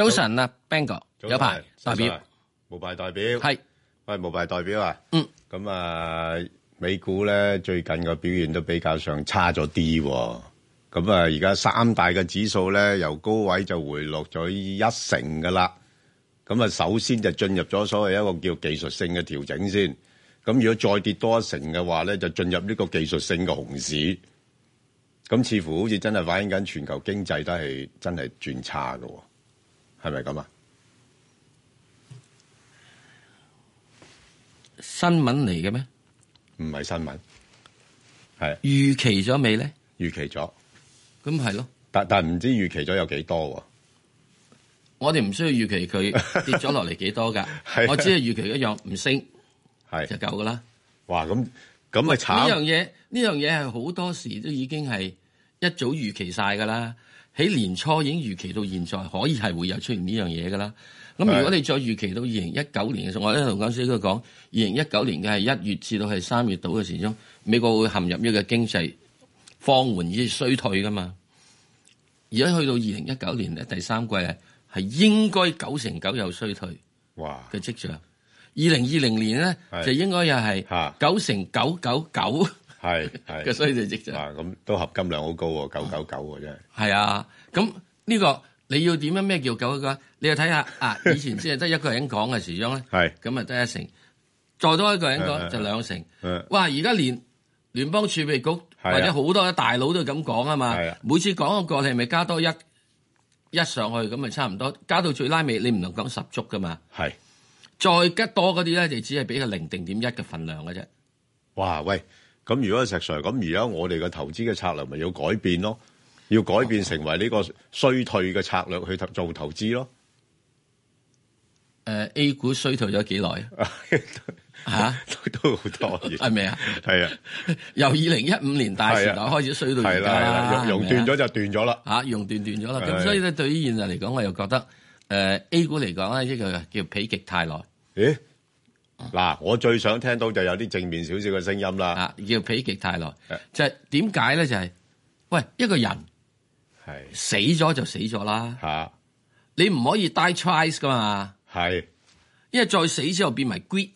早晨啊，Bang 哥，有排，代表無牌代表係喂，無牌代表啊，嗯咁啊，美股咧最近嘅表現都比較上差咗啲喎，咁啊而家三大嘅指數咧由高位就回落咗一成噶啦，咁啊首先就進入咗所謂一個叫技術性嘅調整先，咁如果再跌多一成嘅話咧，就進入呢個技術性嘅熊市，咁似乎好似真係反映緊全球經濟都係真係轉差噶。係咪咁啊？新聞嚟嘅咩？唔係新聞，係預期咗未咧？預期咗，咁係咯。但但唔知預期咗有幾多？我哋唔需要預期佢跌咗落嚟幾多噶，我只係預期一樣唔升，係 就夠噶啦。哇，咁咁咪慘！呢樣嘢呢樣嘢係好多時都已經係一早預期晒噶啦。喺年初已經預期到現在可以係會有出現呢樣嘢噶啦。咁如果你再預期到二零一九年嘅時候，我喺度講書都講二零一九年嘅係一月至到係三月度嘅時鐘，美國會陷入一個經濟放緩以至衰退噶嘛。而家去到二零一九年咧第三季咧，係應該九成九有衰退嘅跡象。二零二零年咧就應該又係九成九九九。係，嘅所以就即係啊，咁都合金量好高喎，九九九嘅啫。係。啊，咁呢、這個你要點樣咩叫九九？你又睇下啊，以前先係得一個人講嘅 時裝咧，係咁啊得一成，再多一個人講就兩成，啊啊。哇！而家連聯邦儲備局、啊、或者好多大佬都咁講啊嘛，每次講一個你係咪加多一一上去，咁咪差唔多，加到最拉尾你唔能講十足噶嘛。係再加多嗰啲咧就只係俾個零定點一嘅份量嘅啫。哇喂！咁如果係石 Sir 咁而家我哋嘅投資嘅策略咪要改變咯，要改變成為呢個衰退嘅策略去投做投資咯。誒、哦呃、，A 股衰退咗幾耐啊？吓，都好多，係 咪啊？係啊，由二零一五年大時代開始衰退，係啦、啊，熔斷咗就斷咗啦，吓、啊，熔斷斷咗啦。咁、啊、所以咧，對於現實嚟講，我又覺得誒、呃、，A 股嚟講咧，呢、這個叫否極泰來。欸嗱、啊，我最想聽到就有啲正面少少嘅聲音啦。啊，叫否極泰來，就係點解咧？就係、是、喂，一個人係死咗就死咗啦。吓，你唔可以 die twice 噶嘛？係，因為再死之後變埋 greed。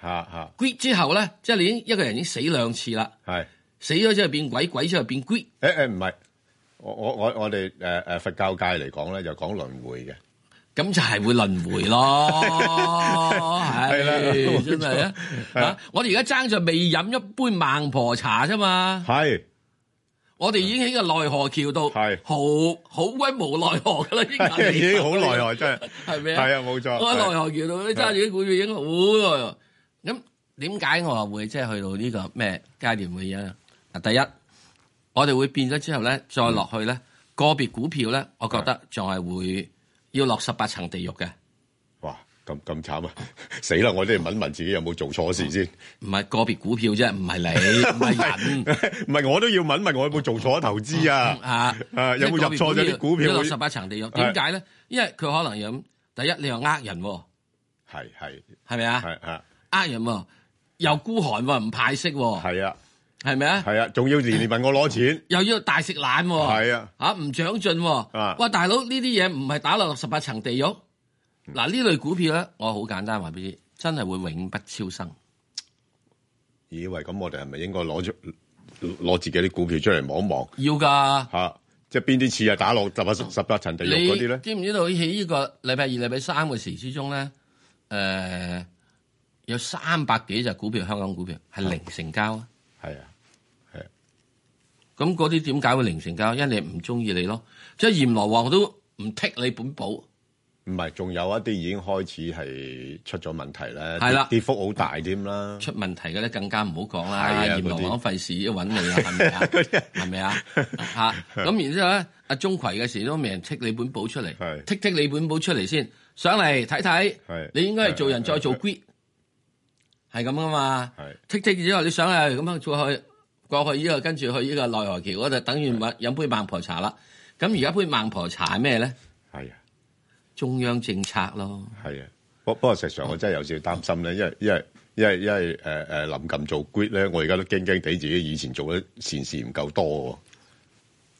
吓吓，greed 之後咧，即、就、係、是、你已經一個人已經死兩次啦。係，死咗之後變鬼，鬼之後變 greed。誒、欸、誒，唔、欸、係，我我我我哋誒誒佛教界嚟講咧，就講輪回嘅。咁就係會輪回咯，係 啦、哎，真係啊！啊，我哋而家爭在未飲一杯孟婆茶啫嘛，係，我哋已經喺個奈何橋度，係，好好鬼無奈何噶啦，已經好奈何，真係，係咩？係啊，冇錯，我奈何橋度都揸住啲股票已經好耐，咁點解我話會即係去到、這個、呢個咩階段會嘢啊？嗱，第一，我哋會變咗之後咧，再落去咧、嗯，個別股票咧，我覺得仲係會。要落十八層地獄嘅，哇！咁咁慘啊，死啦！我都要問問自己有冇做錯事先？唔係個別股票啫，唔係你，唔係人，唔係我都要問問，我有冇做錯投資啊？啊，有冇入錯咗啲股票？要落十八層地獄，點解咧？因為佢可能有，第一你又呃人，係係係咪啊？係啊，呃人又孤寒喎，唔派息喎，係啊。係咪啊？係啊，仲要年年問我攞錢，又要大食懶，係啊，吓唔長進，哇！大佬呢啲嘢唔係打落十八層地獄。嗱、嗯、呢、啊、類股票咧，我好簡單話俾你知真係會永不超生。以為咁我哋係咪應該攞出攞自己啲股票出嚟望一望？要噶，吓即係邊啲次啊？次打落十十八層地獄嗰啲咧？知唔知道喺呢個禮拜二、禮拜三嘅時之中咧？誒、呃，有三百幾隻股票，香港股票係零成交啊，係啊。咁嗰啲點解會零成交？因為你唔中意你咯，即係閻羅王都唔剔你本簿。唔係，仲有一啲已經開始係出咗問題咧，跌幅好大添啦。出問題嘅啲更加唔好講啦，閻羅王費事揾你是是啊，係 咪是啊？係 咪 啊？嚇！咁然之後咧，阿鐘馗嘅時都未人剔你本簿出嚟，剔剔你本簿出嚟先上嚟睇睇，你應該係做人再做 good，係咁噶嘛？係剔剔之後，own, 你上嚟，咁樣再去。過去呢、這個跟住去呢個內河橋嗰度，等於話飲杯孟婆茶啦。咁而家杯孟婆茶係咩咧？係啊，中央政策咯。係啊，不不過實際上我真係有少少擔心咧，因為因為因為因為誒誒臨近做 g r i d 咧，我而家都驚驚地自己以前做嘅善事唔夠多。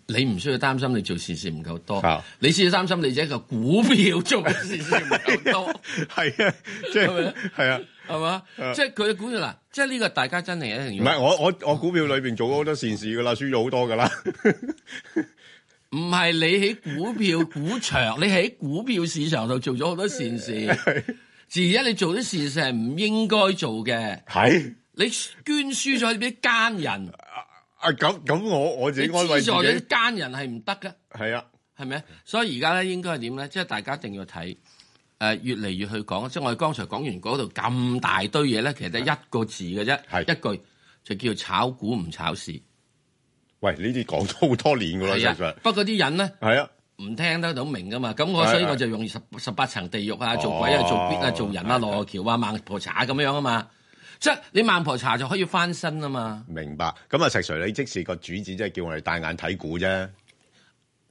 你唔需要擔心你做善事唔夠多，你需要擔心你隻個股票做嘅善事唔夠多。係 啊，即係係啊。就是係嘛、uh,？即係佢嘅股票啦，即係呢個大家真係一定要，唔係我我我股票裏邊做咗好多善事噶啦輸咗好多噶啦。唔係你喺股票股場， 你喺股票市場度做咗好多善事，而、uh, 家你做啲善事係唔應該做嘅。係你捐輸咗啲奸人。Uh, 啊咁咁，啊啊啊啊啊啊、我我自己安慰自己，奸人係唔得噶。係啊，係咪啊？所以而家咧，應該係點咧？即係大家一定要睇。誒、呃，越嚟越去講，即係我哋剛才講完嗰度咁大堆嘢咧，其實得一個字嘅啫，係一句就叫炒股唔炒市。喂，呢啲講咗好多年噶啦，其實。不過啲人咧，係啊，唔聽得到明噶嘛。咁我所以我就用十十八層地獄啊，做鬼啊，做啊，做，啊哦、做人啊，奈何橋啊，孟婆茶咁、啊、樣啊嘛。即係你孟婆茶就可以翻身啊嘛。明白。咁啊，石 Sir，你即是個主旨，即係叫我哋戴眼睇股啫。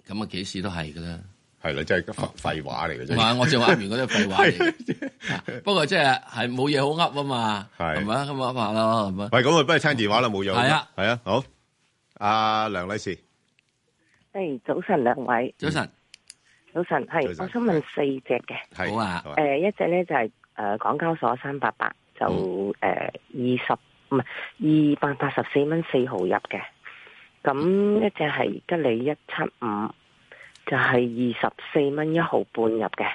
咁啊，幾時都係噶啦。係啦，真係廢話嚟嘅啫。唔 我正話完嗰啲廢話，不過即係係冇嘢好噏啊嘛，係咪啊？咁噏下咯，係咪？喂，係咁啊，不如聽電話啦，冇 用。係啊，係啊，好。阿、啊、梁女士，係、hey, 早晨，兩位早晨，早晨係。我想問四隻嘅，好啊。誒、啊呃，一隻咧就係、是、誒、呃、港交所三八八，就誒、嗯嗯、二十唔係二百八十四蚊四毫入嘅。咁一隻係吉利一七五。就係二十四蚊一毫半入嘅，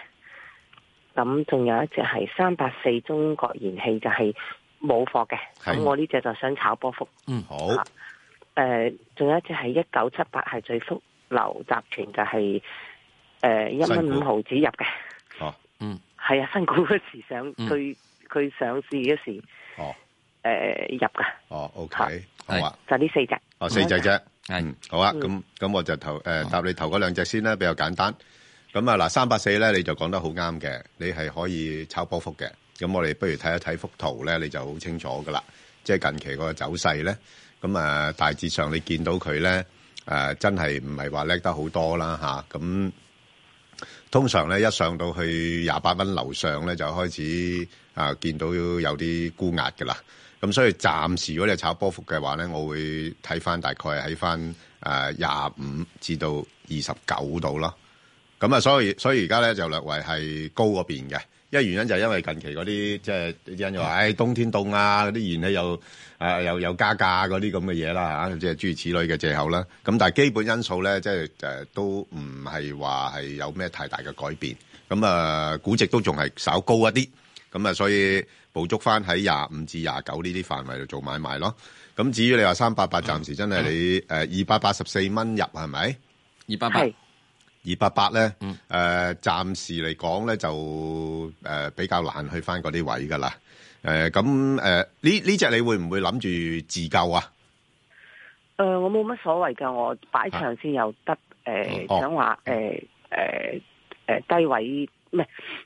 咁仲有一隻係三百四中國燃氣就係冇貨嘅，咁我呢隻就想炒波幅。嗯，好。誒、啊，仲有一隻係一九七八係最福樓集團就係誒一蚊五毫子入嘅。哦，嗯，係啊，新股嗰時上，佢佢上市嗰時候，哦，誒、呃、入噶。哦，OK，好啊，就呢四隻。哦，四隻啫。嗯嗯，好啊，咁咁我就頭誒、呃，答你頭嗰兩隻先啦，比較簡單。咁啊，嗱，三百四咧，你就講得好啱嘅，你係可以炒波幅嘅。咁我哋不如睇一睇幅圖咧，你就好清楚噶啦。即、就、係、是、近期個走勢咧，咁啊，大致上你見到佢咧，誒、啊，真係唔係話叻得好多啦吓。咁、啊、通常咧，一上到去廿八蚊樓上咧，就開始啊，見到有啲沽壓噶啦。咁所以暫時如果你炒波幅嘅話咧，我會睇翻大概喺翻誒廿五至到二十九度囉。咁啊，所以所以而家咧就略為係高嗰邊嘅，因為原因就係因為近期嗰啲即係因為又冬天凍啊，嗰啲熱氣又誒又、啊、有，有加價嗰啲咁嘅嘢啦，即係、就是、諸如此類嘅藉口啦。咁但係基本因素咧，即、就、係、是、都唔係話係有咩太大嘅改變。咁啊，估值都仲係稍高一啲。咁啊，所以。補足翻喺廿五至廿九呢啲範圍度做買賣咯。咁至於你話三八八，暫時真係你誒二百八十四蚊入係咪？二百八，二百八咧，誒暫時嚟講咧就誒比較難去翻嗰啲位噶啦。誒咁誒呢呢隻你會唔會諗住自救啊？誒、呃、我冇乜所謂嘅，我擺場先有得。誒、啊呃、想話誒誒誒低位。唔係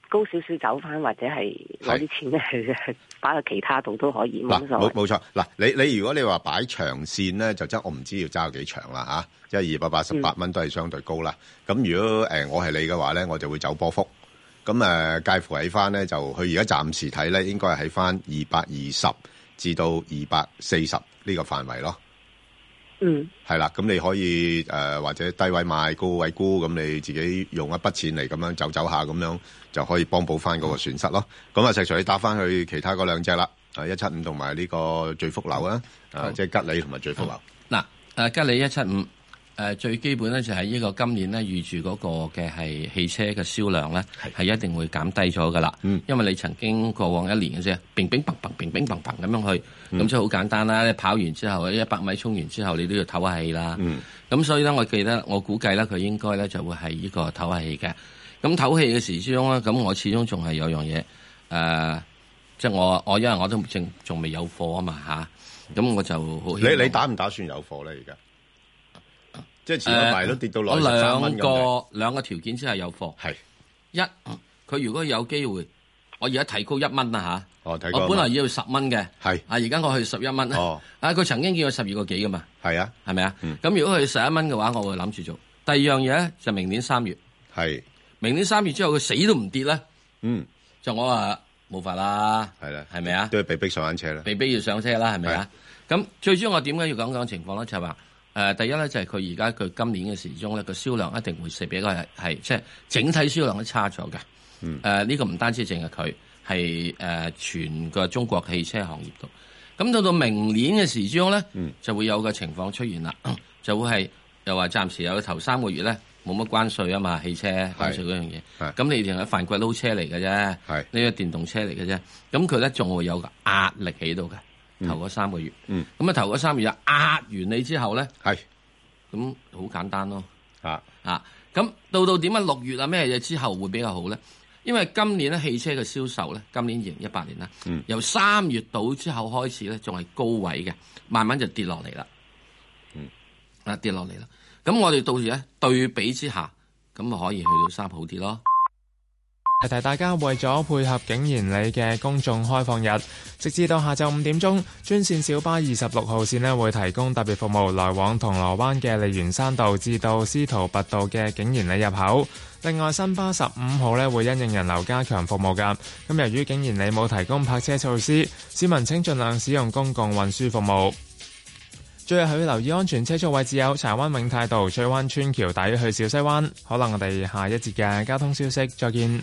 高少少走翻，或者係攞啲錢咧擺去其他度都可以。冇錯，冇錯。嗱，你你如果你話擺長線咧，就真我唔知要揸幾長啦嚇，即係二百八十八蚊都係相對高啦。咁、嗯、如果誒、呃、我係你嘅話咧，我就會走波幅。咁誒、啊、介乎喺翻咧，就佢而家暫時睇咧，應該係喺翻二百二十至到二百四十呢個範圍咯。嗯，係啦，咁你可以誒、呃、或者低位買高位沽，咁你自己用一筆錢嚟咁樣走走下，咁樣就可以幫補翻嗰個損失咯。咁、嗯、啊，就隨你打翻去其他嗰兩隻啦，誒一七五同埋呢個聚福樓啊，樓啊嗯、即係吉利同埋聚福樓。嗱、嗯、誒、啊、吉利一七五。誒、呃、最基本咧就係呢個今年咧預住嗰個嘅係汽車嘅銷量咧係一定會減低咗噶啦，因為你曾經過往一年嘅啫，乒乒乓乓乒乒乓乓咁樣去，咁即係好簡單啦。你跑完之後，一百米衝完之後，你都要唞下氣啦。咁、嗯嗯、所以咧，我記得我估計咧佢應該咧就會係呢個唞下氣嘅。咁唞氣嘅時之中咧，咁我始終仲係有樣嘢誒，即係我我因為我都正仲未有貨嘛啊嘛嚇，咁我就你你打唔打算有貨咧而家？即係持續埋都跌到兩蚊、三蚊兩個兩個條件先係有貨。係一，佢如果有機會，我而家提高一蚊啦吓。哦，提高。我本來要十蚊嘅。係啊，而家我去十一蚊啦。啊，佢、哦啊、曾經見過十二個幾噶嘛。係啊，係咪啊？咁、嗯、如果佢十一蚊嘅話，我會諗住做。第二樣嘢就明年三月。係。明年三月之後，佢死都唔跌咧。嗯。就我話冇法啦。係啦，係咪啊？都要被迫上緊車啦。被迫要上車啦，係咪啊？咁最主要我點解要講講情況咧？就話、是。誒、呃、第一咧就係佢而家佢今年嘅時鐘咧，個銷量一定會食比較係係，即係整體銷量都差咗嘅。誒、嗯、呢、呃這個唔單止淨係佢，係誒、呃、全個中國汽車行業度。咁到到明年嘅時鐘咧、嗯，就會有個情況出現啦， 就會係又話暫時有頭三個月咧冇乜關稅啊嘛，汽車關稅嗰樣嘢。咁你哋係犯骨撈車嚟嘅啫，呢個電動車嚟嘅啫。咁佢咧仲會有個壓力喺度嘅。頭、嗯、嗰三個月，咁啊頭嗰三個月壓完你之後咧，係咁好簡單咯，啊啊咁到到點解六月啊咩嘢，之後會比較好咧？因為今年咧汽車嘅銷售咧，今年二零一八年啦、嗯，由三月到之後開始咧仲係高位嘅，慢慢就跌落嚟啦，啊跌落嚟啦，咁我哋到時咧對比之下，咁就可以去到三好啲咯。提提大家，為咗配合景賢里嘅公眾開放日，直至到下晝五點鐘，專線小巴二十六號線呢會提供特別服務，來往銅鑼灣嘅利園山道至到司徒拔道嘅景賢里入口。另外，新巴十五號呢會因應人流加強服務嘅。咁由於景賢里冇提供泊車措施，市民請盡量使用公共運輸服務。最後係要留意安全車速位置有柴灣永泰道、翠灣村橋底去小西灣。可能我哋下一節嘅交通消息再見。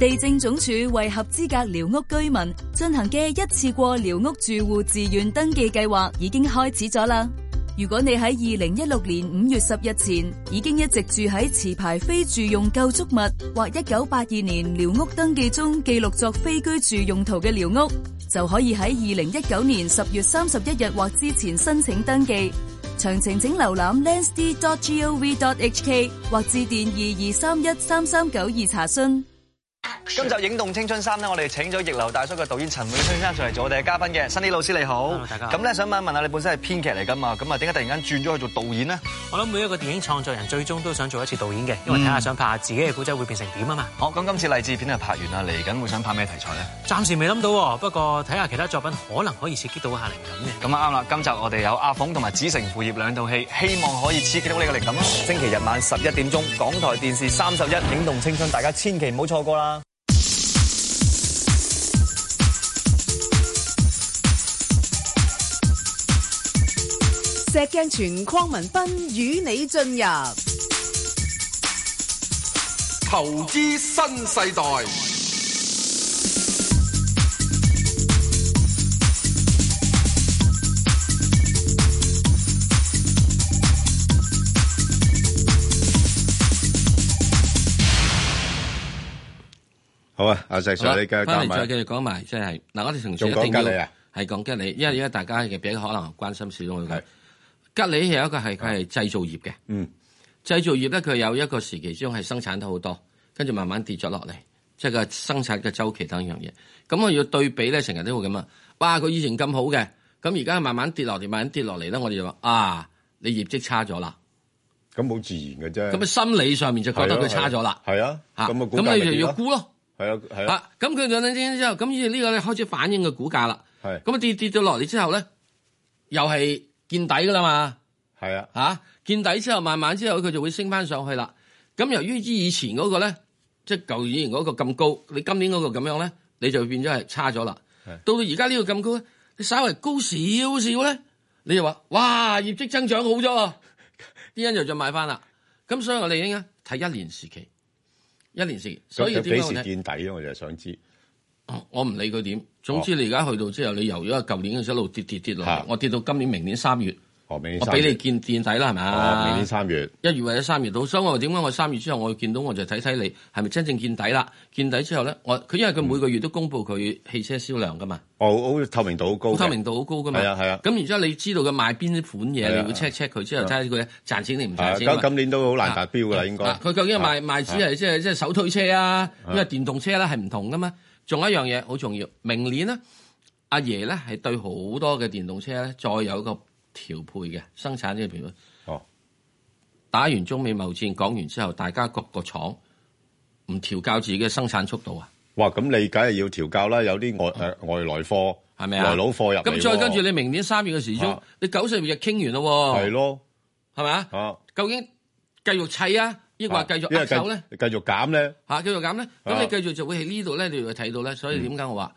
地政總署為合資格寮屋居民進行嘅一次過寮屋住戶自願登記計劃已經開始咗啦。如果你喺二零一六年五月十日前已經一直住喺持牌非住用構築物，或一九八二年寮屋登記中記錄作非居住用途嘅寮屋，就可以喺二零一九年十月三十一日或之前申請登記。詳情請瀏覽 landsd.gov.hk 或致電二二三一三三九二查詢。今集影動青春三啦，我哋請咗逆流大叔嘅導演陳永春生上嚟做我哋嘅嘉賓嘅，Sunny 老師，你好。Hello，大家。咁咧，想問一問下你本身係編劇嚟噶嘛？咁啊，點解突然間轉咗去做導演呢？我諗每一個電影創作人最終都想做一次導演嘅，因為睇下想拍下自己嘅古仔會變成點啊嘛。好、嗯、咁、哦、今次勵志片係拍完啦，嚟緊會想拍咩題材咧？暫時未諗到，不過睇下其他作品可能可以刺激到下靈感嘅。咁啊啱啦，今集我哋有阿鳳同埋子承父業兩套戲，希望可以刺激到你嘅靈感啦。星期日晚十一點鐘，港台電視三十一影動青春，大家千祈唔好錯過啦。石鏡泉鄺文斌與你進入投資新世代。好啊，阿石叔、啊，你而家講埋，即係嗱，我哋同時一定要係講緊你、啊，因為而家大家嘅比較可能關心少啲吉利有一個係佢係製造業嘅，嗯、製造業咧，佢有一個時期中係生產得好多，跟住慢慢跌咗落嚟，即係個生產嘅週期等一樣嘢。咁我要對比咧，成日都會咁啊！哇，佢以前咁好嘅，咁而家慢慢跌落嚟，慢慢跌落嚟啦。我哋就話啊，你業績差咗啦，咁好自然嘅啫。咁啊，心理上面就覺得佢差咗啦。係、那個、啊，咁啊，咁你就要估咯。係啊，係啊。咁佢兩日之後，咁呢個咧開始反映個股價啦。係。咁啊，跌跌咗落嚟之後咧，又係。見底噶啦嘛，係啊，吓、啊、見底之後，慢慢之後佢就會升翻上去啦。咁由於之以前嗰個咧，即係舊年嗰個咁高，你今年嗰個咁樣咧，你就變咗係差咗啦。到到而家呢個咁高，你稍微高少少咧，你就話哇，業績增長好咗，啲人就再買翻啦。咁所以我哋應該睇一年時期，一年時期，所以幾時見底呢，我就想知。我唔理佢點，總之你而家去到之後，你由咗為舊年嘅一路跌跌跌落嚟、哦，我跌到今年明年三月、哦、月，我俾你見見底啦，係、哦、嘛？明年三月一月，月或者三月，到。所以我點解我三月之後我見到我就睇睇你係咪真正見底啦？見底之後咧，我佢因為佢每個月都公佈佢汽車銷量噶嘛、嗯，哦，透明度好高，透明度好高噶嘛。係啊係啊。咁然之後你知道佢賣邊啲款嘢，你會 check check 佢之後睇下佢賺錢定唔賺錢。咁今年都好難達標啦、啊嗯，應該。佢、啊、究竟賣、啊、賣只係即係即係手推車啊，因為電動車咧係唔同噶嘛。仲有一樣嘢好重要，明年咧，阿爺咧係對好多嘅電動車咧再有一個調配嘅生產呢個平衡。哦，打完中美貿戰講完之後，大家各個廠唔調教自己嘅生產速度啊？哇，咁你梗係要調教啦，有啲外誒、呃、外來貨係咪啊？外來佬貨入咁，再跟住你明年三月嘅時鐘、啊，你九四月就傾完咯，係咯，係咪？啊，究竟繼續砌啊？亦話繼續壓手繼續減咧，吓、啊、繼續減咧。咁、啊、你繼續就會喺呢度咧，你就睇到咧。所以點解我話、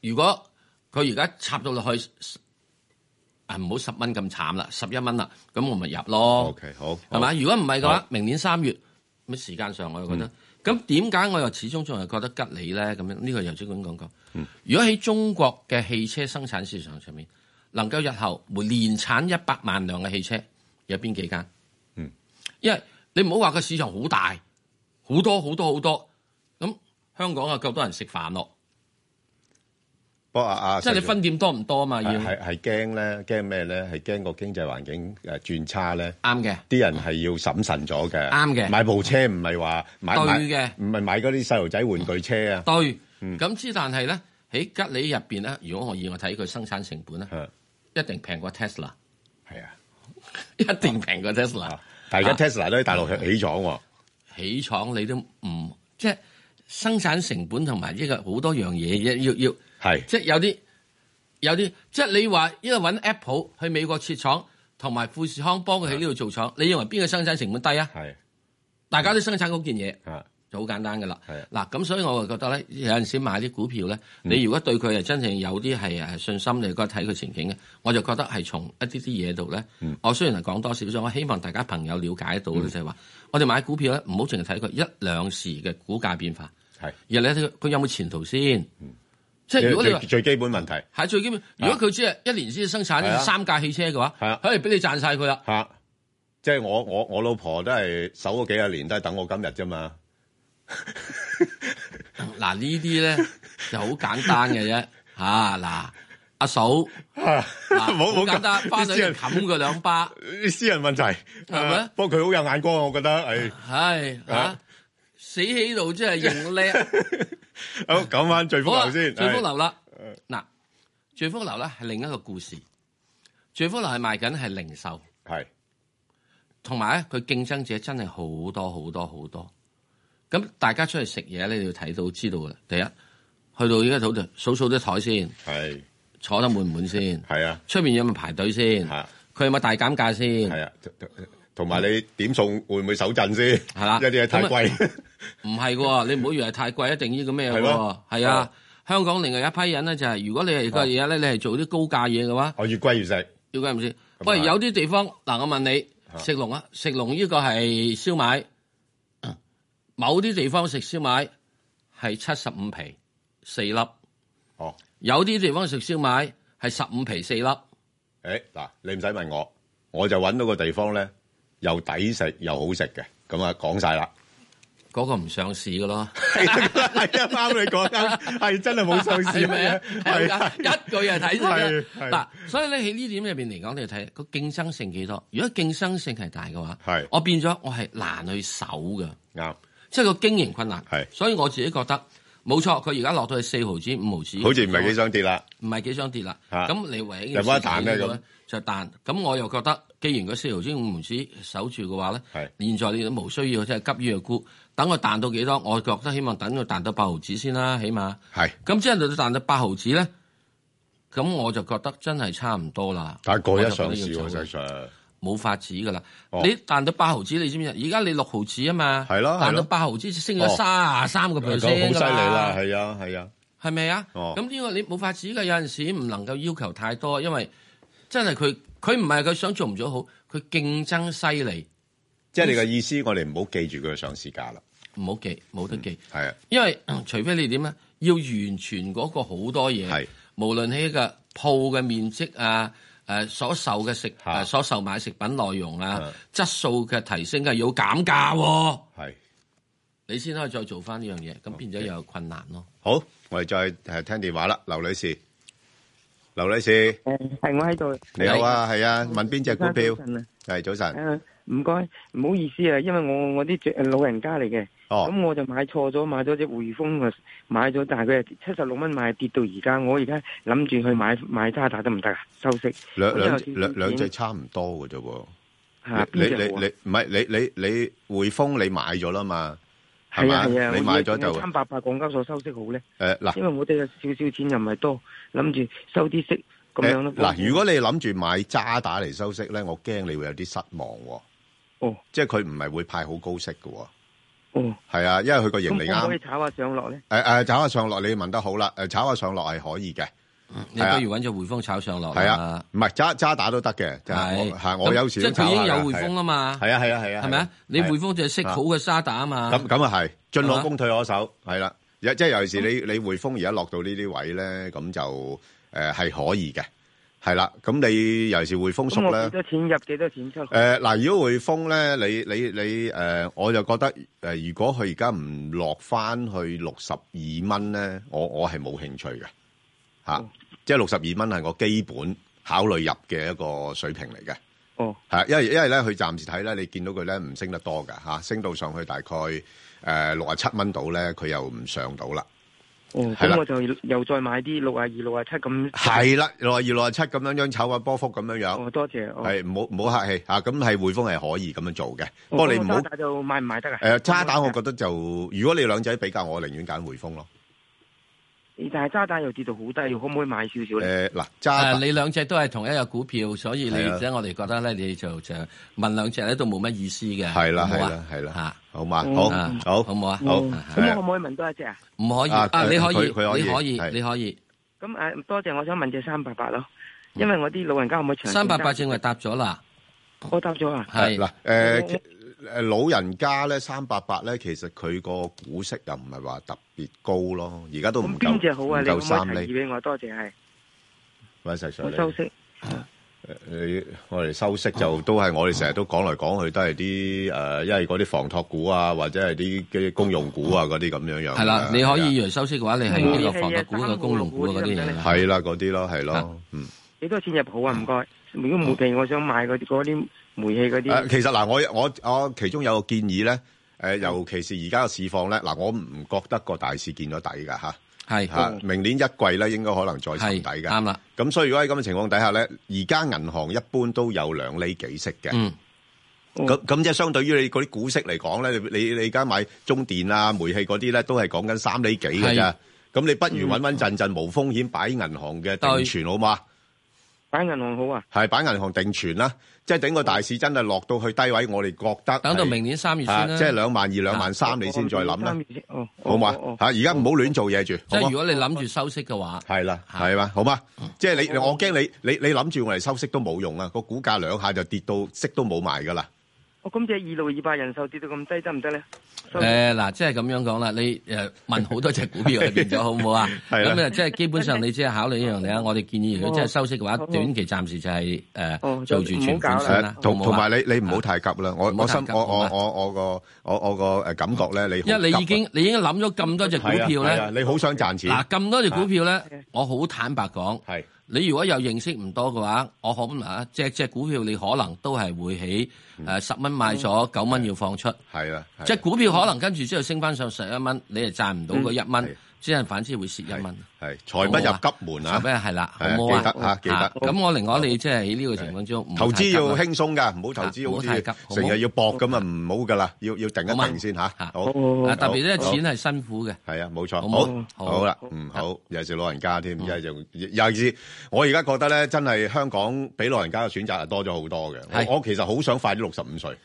嗯、如果佢而家插到落去，啊唔好十蚊咁慘啦，十一蚊啦，咁我咪入咯。OK，好，係嘛？如果唔係嘅話，明年三月咁時間上我又覺得。咁點解我又始終仲係覺得吉利咧？咁樣呢個油脂股講講。嗯、如果喺中國嘅汽車生產市場上面，能夠日後年產一百萬輛嘅汽車，有邊幾間？嗯，因為。你唔好話個市場好大，好多好多好多咁，香港啊夠多人食飯咯。不過啊、即係你分店多唔多嘛？啊、要係係驚咧，驚咩咧？係驚個經濟環境誒轉差咧。啱嘅。啲人係要審慎咗嘅。啱嘅。買部車唔係話買。對嘅。唔係買嗰啲細路仔玩具車啊。對，咁、嗯、之但係咧喺吉利入邊咧，如果可以，我睇佢生產成本咧，一定平過 Tesla。係啊，啊，一定平過 Tesla、啊。但係而家 Tesla、啊、都喺大陸起廠、啊，起廠你都唔即係生產成本同埋呢個好多樣嘢嘢，要要係即係有啲有啲即係你話依家揾 Apple 去美國設廠，同埋富士康幫佢喺呢度做廠，啊、你認為邊個生產成本低啊？係、啊、大家都生產嗰件嘢、啊。好簡單噶啦，嗱咁、啊、所以我就覺得咧，有陣時買啲股票咧、嗯，你如果對佢係真正有啲係誒信心，你應該睇佢前景嘅。我就覺得係從一啲啲嘢度咧，我雖然係講多少少，我希望大家朋友了解得到嘅就係話、嗯、我哋買股票咧，唔好淨係睇佢一兩時嘅股價變化，係、啊、而你睇佢有冇前途先，啊、即係如果你最基本問題係最基本，如果佢只係一年先生產三架汽車嘅話，係啊，可以俾你賺晒佢啦，吓、啊，即、就、係、是、我我我老婆都係守咗幾廿年，都係等我今日啫嘛。嗱、 啊、呢啲咧就好簡單嘅啫吓，嗱、啊、阿、啊、嫂，唔、啊、好、啊、簡單，啲私冚佢兩巴，私人問題係咪？不過佢好有眼光，我覺得，唉唉吓死喺度，真係認叻。好，講翻聚福樓先，聚福樓啦，嗱、啊、聚福樓咧係另一個故事，聚福樓係賣緊係零售，係同埋咧佢競爭者真係好多好多好多。咁大家出去食嘢咧，你要睇到知道喇。第一，去到依家土地數數啲台先，係坐得滿唔滿先，係啊。出面有冇排隊先？係佢有冇大減價先？係啊，同埋你點餸會唔會手震先？係啦，一啲嘢太貴。唔係喎， 你唔好以為太貴一定依個咩喎？係啊，香港另外一批人咧就係、是、如果你係個嘢咧，你係做啲高價嘢嘅話，我越貴越食，唔先。喂有啲地方嗱，我問你食龍啊，食龍呢個係燒賣。某啲地方食燒賣係七十五皮四粒，哦，有啲地方食燒賣係十五皮四粒。誒，嗱，你唔使問我，我就搵到個地方咧，又抵食又好食嘅，咁啊講晒啦。嗰、嗰個唔上市噶咯 係 不是 是啊，啱你講係係真係冇上市係係一句係睇到。啦。嗱，所以咧喺呢點入邊嚟講你要睇個競爭性幾多。如果競爭性係大嘅話，係 我變咗我係難去守噶，啱。即係個經營困難，所以我自己覺得冇錯。佢而家落到去四毫紙、五毫紙，好似唔係幾想跌啦，唔係幾想跌啦。咁、啊、你為咗嘅嘢就彈咧咁，就彈。咁我又覺得，既然個四毫紙、五毫紙守住嘅話咧，現在你都冇需要即係、就是、急於入沽，等佢彈到幾多，我覺得希望等佢彈到八毫紙先啦，起碼。係。咁之後就彈到八毫紙咧，咁我就覺得真係差唔多啦。但係過一上市，我就就、啊、實上。冇法子噶啦、哦！你彈到八毫子，你知唔知？而家你六毫子啊嘛，彈到八毫子升咗三啊三個 percent 好犀利啦！係啊係啊，係咪啊？咁呢、哦、個你冇法子噶，有陣時唔能夠要求太多，因為真係佢佢唔係佢想做唔做好，佢競爭犀利。即、就、係、是、你嘅意思，我哋唔好記住佢嘅上市價啦，唔好記，冇得記。係、嗯、啊，因為 除非你點咧，要完全嗰個好多嘢，無論喺個鋪嘅面積啊。誒、呃，所售嘅食，呃、所售賣食品內容啊，質、啊、素嘅提升係、啊、要減價、啊，係，你先可以再做翻呢、okay. 樣嘢，咁變咗又有困難咯。好，我哋再誒聽電話啦，劉女士，劉女士，誒、呃，係我喺度，你好啊，係啊，問邊隻股票？係早晨、啊。唔該，唔好意思啊，因為我我啲只老人家嚟嘅，咁、哦、我就買錯咗，買咗隻匯豐啊，買咗，但係佢係七十六蚊買，跌到而家。我而家諗住去買買渣打得唔得啊？收息兩兩兩兩隻差唔多嘅啫喎，你你你唔係你你你匯豐你，你，你，你，你買咗啦嘛，係啊係啊，你買咗就三八八港交所收息好咧。誒、哎、嗱，因為我哋有少少錢又唔係多，諗住收啲息咁樣咯。嗱、哎，如果你諗住買渣打嚟收息咧，我驚你會有啲失望、啊。即係佢唔係會派好高息㗎哦，係啊，因為佢個盈利啱。咁可以炒下上落咧？誒誒，炒下上落，你問得好啦。誒，炒下上落係可以嘅、啊。你不如揾隻匯豐炒上落。係啊，唔係渣打都得嘅。就係，我有時即係已經有匯豐啦嘛。係啊係啊係啊。係咪啊，啊，啊，啊，啊，啊？你匯豐就係識好嘅沙打啊嘛。咁咁啊係，進可、啊、攻退可守，係啦、啊。即係有時你你匯豐而家落到呢啲位咧，咁就誒係、呃、可以嘅。係啦，咁你尤其是匯豐縮咧？呢，幾多錢入，幾多錢出？誒，嗱，如果匯豐咧，你你你誒、呃，我就覺得誒、呃，如果佢而家唔落翻去六十二蚊咧，我我係冇興趣嘅吓、啊嗯，即係六十二蚊係我基本考慮入嘅一個水平嚟嘅。哦，因為因為咧，佢暫時睇咧，你見到佢咧唔升得多㗎。吓、啊，升到上去大概誒六十七蚊度咧，佢、呃、又唔上到啦。咁、哦、我就又再買啲六啊二、六啊七咁。係啦，六啊二、六啊七咁樣樣炒下波幅咁樣樣、哦。多謝。係唔好唔好客氣吓，咁、啊、係匯豐係可以咁樣做嘅、哦。不過你唔好。渣、啊、打就買唔買得啊？誒、呃，渣打我覺得就，啊、如果你兩隻比較，我寧願揀匯豐咯。但係渣打又跌到好低，可唔可以買少少誒，嗱、呃、渣、啊、你兩隻都係同一個股票，所以咧，以我哋覺得咧，你就就問兩隻喺度冇乜意思嘅。係啦，係啦，係啦。啊好嘛、嗯，好，好好唔好啊？好，咁、嗯嗯嗯嗯、我可唔可以問多一隻啊？唔可以，啊，啊你可以，可以，你可以，你可以，咁誒，多謝，我想問隻三八八咯、嗯，因為我啲老人家可唔可以三？三八八正我答咗啦，我答咗啊。係嗱，誒、啊、誒、呃，老人家咧，三八八咧，其實佢個股息又唔係話特別高咯，而家都唔夠。邊隻好啊？三厘你可唔可以提議我？多謝係。搵晒上休息。誒我哋收息就都係我哋成日都講嚟講去都係啲誒，因為嗰啲房託股啊，或者係啲嘅公用股啊，嗰啲咁樣樣。係啦，你可以嚟收息嘅話，你係呢個房託股、呢個公用股嗰啲，係啦，嗰啲咯，係咯。嗯，幾多錢入好啊？唔該。如果煤氣，我想買嗰啲嗰啲煤氣嗰啲。誒，其實嗱，我我我其中有個建議咧，誒，尤其是而家嘅市況咧，嗱，我唔覺得個大市見咗底㗎吓。係吓、嗯，明年一季咧，應該可能再尋底㗎。啱啦。咁所以如果喺咁嘅情況底下咧，而家銀行一般都有兩厘幾息嘅。嗯，咁咁、嗯、即係相對於你嗰啲股息嚟講咧，你你你而家買中電啊、煤氣嗰啲咧，都係講緊三厘幾嘅啫。咁、啊、你不如穩穩陣陣、嗯，無風險擺銀行嘅定存好嘛？擺銀行好啊？係擺銀行定存啦。即係整個大市真係落到去低位，我哋覺得等到明年三月，就是、2 2先啦，即係兩萬二、兩萬三，你先再諗啦，好嘛？吓，而家唔好亂做嘢住，即係如果你諗住收息嘅話，係啦，係嘛，好嘛，嗯？即係你，我驚你，你你諗住我哋收息都冇用啊，個股價兩下就跌到息都冇埋噶啦。我咁即係二六二八人壽跌到咁低得唔得咧？誒嗱，即係咁樣講啦，你誒問好多隻股票入邊咗好唔好啊？咁啊，即係基本上你只係考慮呢樣嘢啊！ 我哋建議如果即係收息嘅話， 短期暫時就係、是、誒、 哦、做住全盤啦。同同埋你你唔好太急啦，我我我我我個我我個誒感覺咧，你因為你已經你已經諗咗咁多隻股票咧，你好想賺錢嗱咁多隻股票咧，我好坦白講係你如果有認識唔多嘅話，我可唔啊，即隻隻股票你可能都係會喺誒十蚊買咗九蚊要放出，係啊，即股票可能跟住之後升翻上十一蚊，你係賺唔到嗰一蚊。只係反之會蝕一蚊。係財不入急門啊！係咪？係啦，記得吓。記得。咁我另外你即係喺呢個情況中，投資要輕鬆㗎，唔好投資好似成日要搏咁啊，唔好㗎啦，要要定一定先吓。吓好。特別咧，錢係辛苦嘅。係啊，冇錯。好。好啦，嗯好。有時老人家添，有時有時我而家覺得咧，真係香港俾老人家嘅選擇係多咗好多嘅。我我其實好想快啲六十五歲。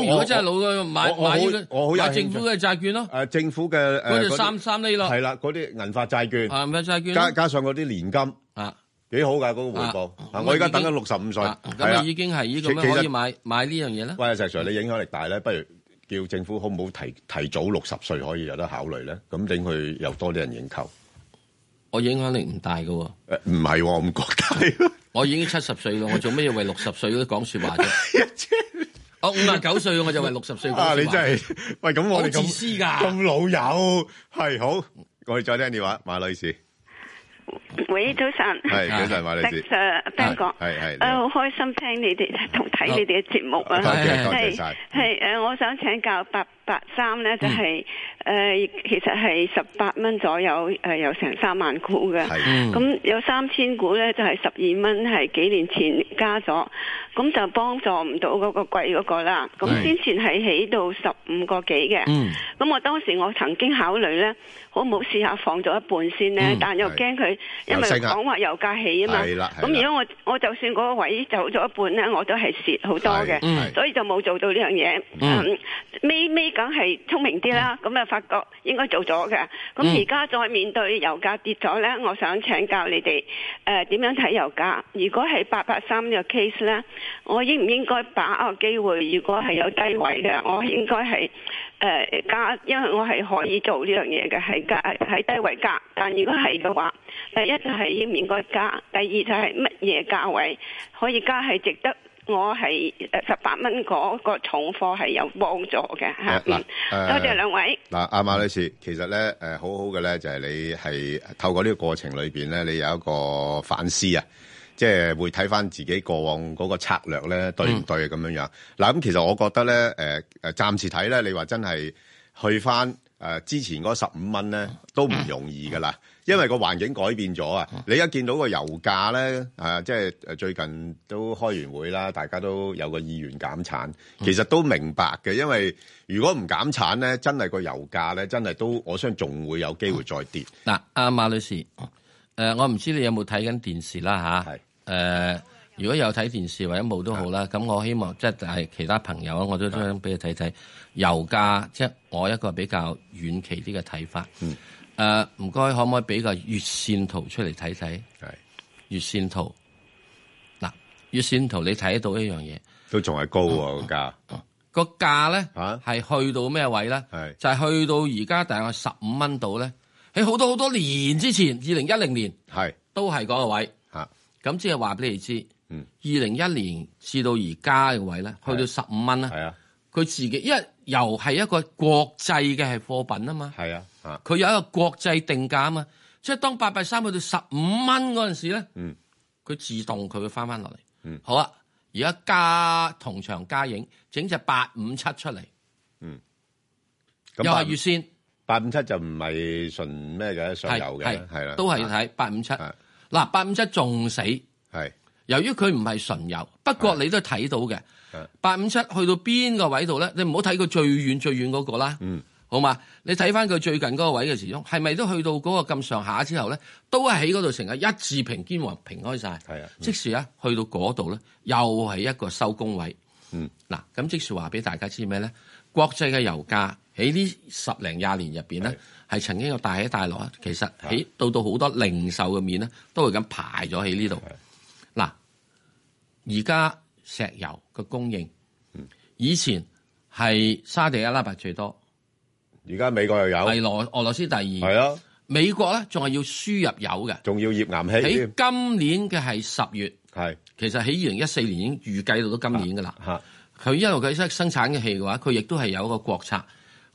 如果真係老咗，買我我買啲、這個、買政府嘅債券咯。誒、啊，政府嘅嗰三三厘咯。係啦，嗰啲銀髮債券。銀發債券加加上嗰啲年金，啊，幾好噶嗰、那個回報。啊啊、我而家等緊六十五歲，咁、啊、啦，啊、已經係呢、這個可以買買呢樣嘢咧。喂，石 Sir，你影響力大咧，不如叫政府好唔好提提早六十歲可以有得考慮咧？咁等佢又多啲人認購。我影響力唔大噶、哦。誒、啊，唔係、啊，我唔覺得大。 我已經七十歲咯，我做咩要為六十歲講說話啫？ 哦，五十九歲，我就為六十歲。啊，你真係，喂，咁我哋自私噶、啊，咁老友係好，我哋再聽電話，馬女士。喂，早晨。係早晨，馬女士。Ben 哥，係係，啊，好開心聽你哋同睇你哋嘅節目啊，多謝多謝晒。係誒，我想請教八。八、嗯、三、就係呃呃嗯、3，呢，就係誒，其實係十八蚊左右，誒，有成三萬股嘅。咁有三千股呢，就係十二蚊，係幾年前加咗，咁就幫助唔到嗰個貴嗰個啦。咁先前係起到十五個幾嘅。咁、嗯、我當時我曾經考慮呢，好唔好試下放咗一半先呢，嗯、但又驚佢，因為講話油價起啊嘛。咁如果我我就算嗰個位走咗一半呢，我都係蝕好多嘅，所以就冇做到呢樣嘢。尾、嗯嗯梗係聰明啲啦，咁啊發覺應該做咗嘅。咁而家再面對油價跌咗呢，我想請教你哋，誒點樣睇油價？如果係八八三呢個 case 呢，我應唔應該把握機會？如果係有低位嘅，我應該係誒加，因為我係可以做呢樣嘢嘅，係加喺低位加。但如果係嘅話，第一就係應唔應該加，第二就係乜嘢價位可以加係值得。我係誒十八蚊嗰個重貨係有幫助嘅嚇、啊啊，多謝兩位。嗱、啊，阿、啊、馬女士，其實咧誒好好嘅咧，就係你係透過呢個過程裏邊咧，你有一個反思啊，即、就、係、是、會睇翻自己過往嗰個策略咧對唔對？咁樣樣。嗱、嗯、咁、啊、其實我覺得咧誒誒暫時睇咧，你話真係去翻誒之前嗰十五蚊咧都唔容易噶啦。因為個環境改變咗啊、嗯，你一見到個油價咧，啊，即係誒最近都開完會啦，大家都有個意願減產，其實都明白嘅。因為如果唔減產咧，真係個油價咧，真係都我相信仲會有機會再跌。嗱、嗯，阿、啊、馬女士，誒、嗯呃，我唔知你有冇睇緊電視啦吓，誒、呃，如果有睇電視或者冇都好啦。咁、嗯、我希望即係就係其他朋友啊，我都想俾你睇睇、嗯、油價，即、就、係、是、我一個比較遠期啲嘅睇法。嗯誒、呃，唔該，可唔可以俾個月線圖出嚟睇睇？係月線圖，嗱，月線圖你睇到一樣嘢都仲係高喎個價，個價咧吓係去到咩位咧？係就係、是、去到而家大概十五蚊度咧。喺、欸、好多好多年之前，二零一零年係都係嗰個位吓，咁即係話俾你知，嗯，二零一年至到而家嘅位咧，去到十五蚊啦。係啊，佢自己因為又係一個國際嘅係貨品啊嘛。係啊。佢有一個國際定價啊嘛，即係當八百三去到十五蚊嗰陣時咧，嗯，佢自動佢會翻翻落嚟，嗯，好啊，而家加同場加影，整隻八五七出嚟，嗯，又係預先，八五七就唔係純咩嘅，純油嘅係啦，都係睇八五七，嗱，八五七仲死，係，由於佢唔係純油，不過你都睇到嘅，八五七去到邊個位度咧？你唔好睇佢最遠最遠嗰個啦，嗯。好嘛？你睇翻佢最近嗰個位嘅時鐘，係咪都去到嗰個咁上下之後咧，都係喺嗰度成日一字平肩橫平開晒。啊，即時咧去到嗰度咧，又係一個收工位。嗯，嗱，咁即時話俾大家知咩咧？國際嘅油價喺呢十零廿年入邊咧，係、啊、曾經有大起大落。其實喺到到好多零售嘅面咧，都係咁排咗喺呢度。嗱、啊，而家石油嘅供應，嗯、以前係沙地阿拉伯最多。而家美國又有，係羅俄羅斯第二，係美國咧仲係要輸入油嘅，仲要頁岩氣。喺今年嘅係十月，其實喺二零一四年已經預計到到今年嘅啦。佢一路佢生生產嘅氣嘅話，佢亦都係有一個國策。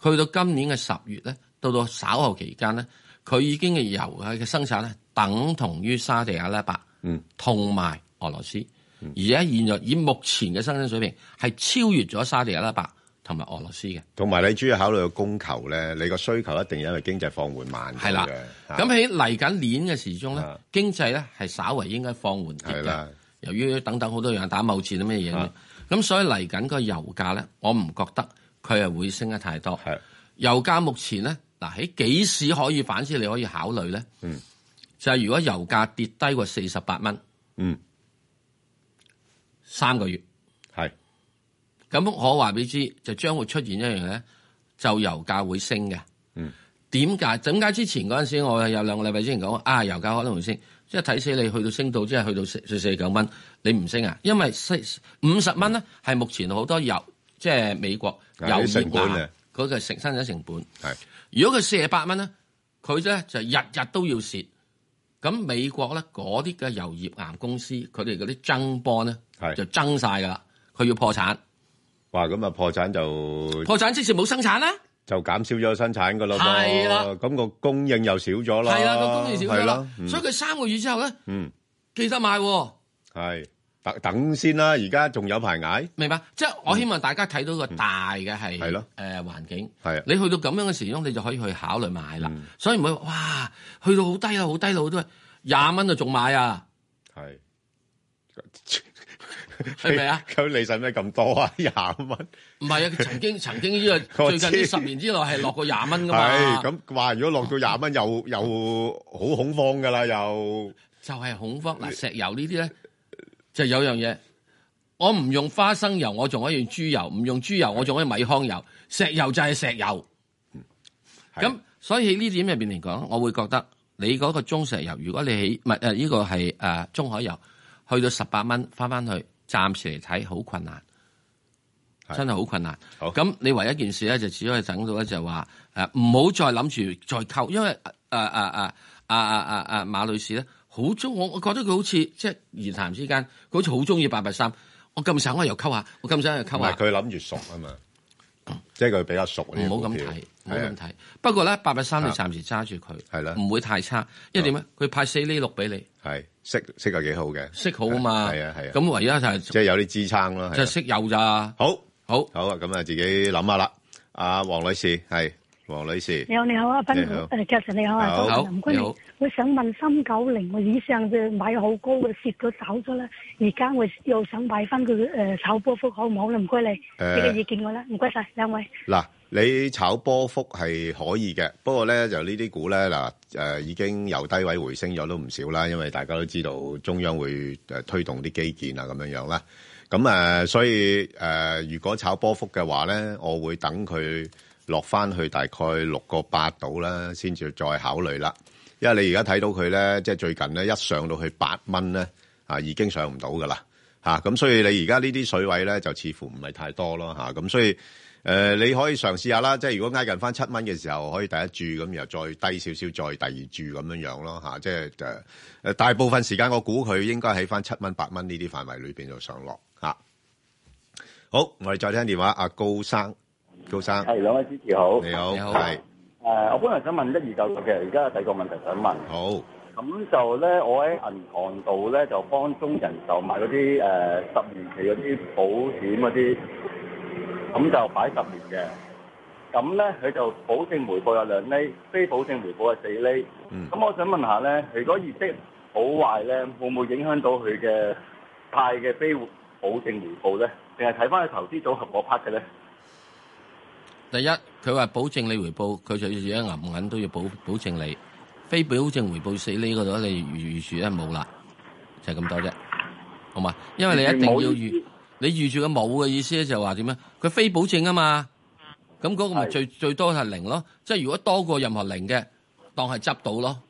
去到今年嘅十月咧，到到稍後期間咧，佢已經嘅油嘅生產咧等同於沙地阿拉伯，嗯，同埋俄羅斯，嗯、而家現在以目前嘅生產水平，係超越咗沙地阿拉伯。同埋俄羅斯嘅，同埋你主要考慮嘅供求咧，你個需求一定因為經濟放緩慢嘅。係啦，咁喺嚟緊年嘅時鐘咧，經濟咧係稍為應該放緩啲嘅。係啦，由於等等好多樣打貿戰啲咩嘢，咁所以嚟緊個油價咧，我唔覺得佢係會升得太多。係，油價目前咧，嗱喺幾時可以反思，你可以考慮咧、嗯，就係、是、如果油價跌低過四十八蚊，嗯，三個月。咁可話俾你知，就將會出現一樣嘢，就油價會升嘅。點、嗯、解？點解之前嗰陣時，我有兩個禮拜之前講啊，油價可能會升，即係睇死你去到升到即係去到四四四九蚊，你唔升啊？因為四五十蚊咧，係、嗯、目前好多油即係、就是、美國、嗯、油業嗰個成生產成本，成成成本如果佢四十八蚊咧，佢咧就日日都要蝕。咁美國咧嗰啲嘅油業岩公司，佢哋嗰啲增波咧就增晒噶啦，佢要破產。哇，咁啊破產就破產，即時冇生產啦，就減少咗生產噶咯，係啦，咁個供應又少咗啦，係啦，個供應少咗，所以佢三個月之後咧，嗯，記得買，係，等等先啦，而家仲有排挨，明白？即係我希望大家睇到個大嘅係，係咯，誒，環境係，你去到咁樣嘅時候，你就可以去考慮買啦，所以唔會哇，去到好低啦，好低啦，好低，廿蚊就仲買啊，係。係咪啊？佢利使咩咁多啊？廿蚊？唔係啊，曾經曾經呢、這個最近呢十年之內係落過廿蚊噶嘛。咁話如果落到廿蚊又、嗯、又好恐慌噶啦，又就係恐慌嗱、呃。石油呢啲咧，就有樣嘢，我唔用花生油，我仲可以用豬油；唔用豬油，我仲可以米糠油。石油就係石油。咁、嗯、所以呢點入邊嚟講，我會覺得你嗰個中石油，如果你唔係誒呢個係誒、呃、中海油，去到十八蚊翻翻去。暫時嚟睇好困難，真係好困難。咁你唯一一件事咧，就只可以等到咧就係話，誒唔好再諗住再溝，因為誒誒誒誒誒誒馬女士咧，好中我，我覺得佢好似即係言談之間，佢好似好中意八八三，我咁想我又溝下，我咁想又溝下。唔係佢諗住熟啊嘛。即係佢比較熟，唔好咁睇，冇問題，冇、啊、不過咧，八八三你暫時揸住佢，係啦，唔會太差。因為點咧，佢派四厘六俾你，係，息息係幾好嘅，息好啊嘛。係啊，係啊。咁唯一就係即係有啲支撐咯，即係息有咋。好，好，好啊！咁啊，自己諗下啦。阿黃女士係。黃女士，你好，你好阿斌，你好 Gareth 你好啊，唔該你好。我想問三九零以上嘅買好高嘅，蝕咗走咗啦，而家我又想買翻佢，誒炒波幅好唔好咧？唔該你，你嘅意見我啦。唔該晒兩位。嗱，你炒波幅係可以嘅，不過咧就這些股呢啲股咧嗱誒，已經由低位回升咗都唔少啦，因為大家都知道中央會誒推動啲基建啊咁樣樣啦。咁、呃、誒，所以誒、呃、如果炒波幅嘅話咧，我會等佢。落翻去大概六個八度啦，先至再考慮啦。因為你而家睇到佢咧，即係最近咧一上到去八蚊咧，啊已經上唔到噶啦，嚇咁所以你而家呢啲水位咧就似乎唔係太多咯，嚇咁所以誒你可以嘗試下啦，即係如果挨近翻七蚊嘅時候可以第一注，咁然後再低少少再第二注咁樣樣咯，嚇即係誒誒大部分時間我估佢應該喺翻七蚊八蚊呢啲範圍裏面就上落嚇。好，我哋再聽電話阿高生。高生係，兩位主持好，你好，你好，係。誒，我本來想問一二九六嘅，而家有第二個問題想問。好。咁就咧，我喺銀行度咧就幫中人壽買嗰啲誒十年期嗰啲保險嗰啲，咁就擺十年嘅。咁咧佢就保證回報有兩厘，非保證回報係四厘。嗯。咁我想問下咧，如果業績好壞咧，會唔會影響到佢嘅派嘅非保證回報咧？定係睇翻佢投資組合 part 嘅咧？第一，佢話保證你回報，佢就預住咧銀銀都要保證要保，保證你，非保證回報死呢個度你預預住咧冇啦，就係、是、咁多啫，好嘛？因為你一定要預，你預住嘅冇嘅意思咧就話點樣？佢非保證啊嘛，咁、那、嗰個咪最最多係零咯，即係如果多過任何零嘅，當係執到咯。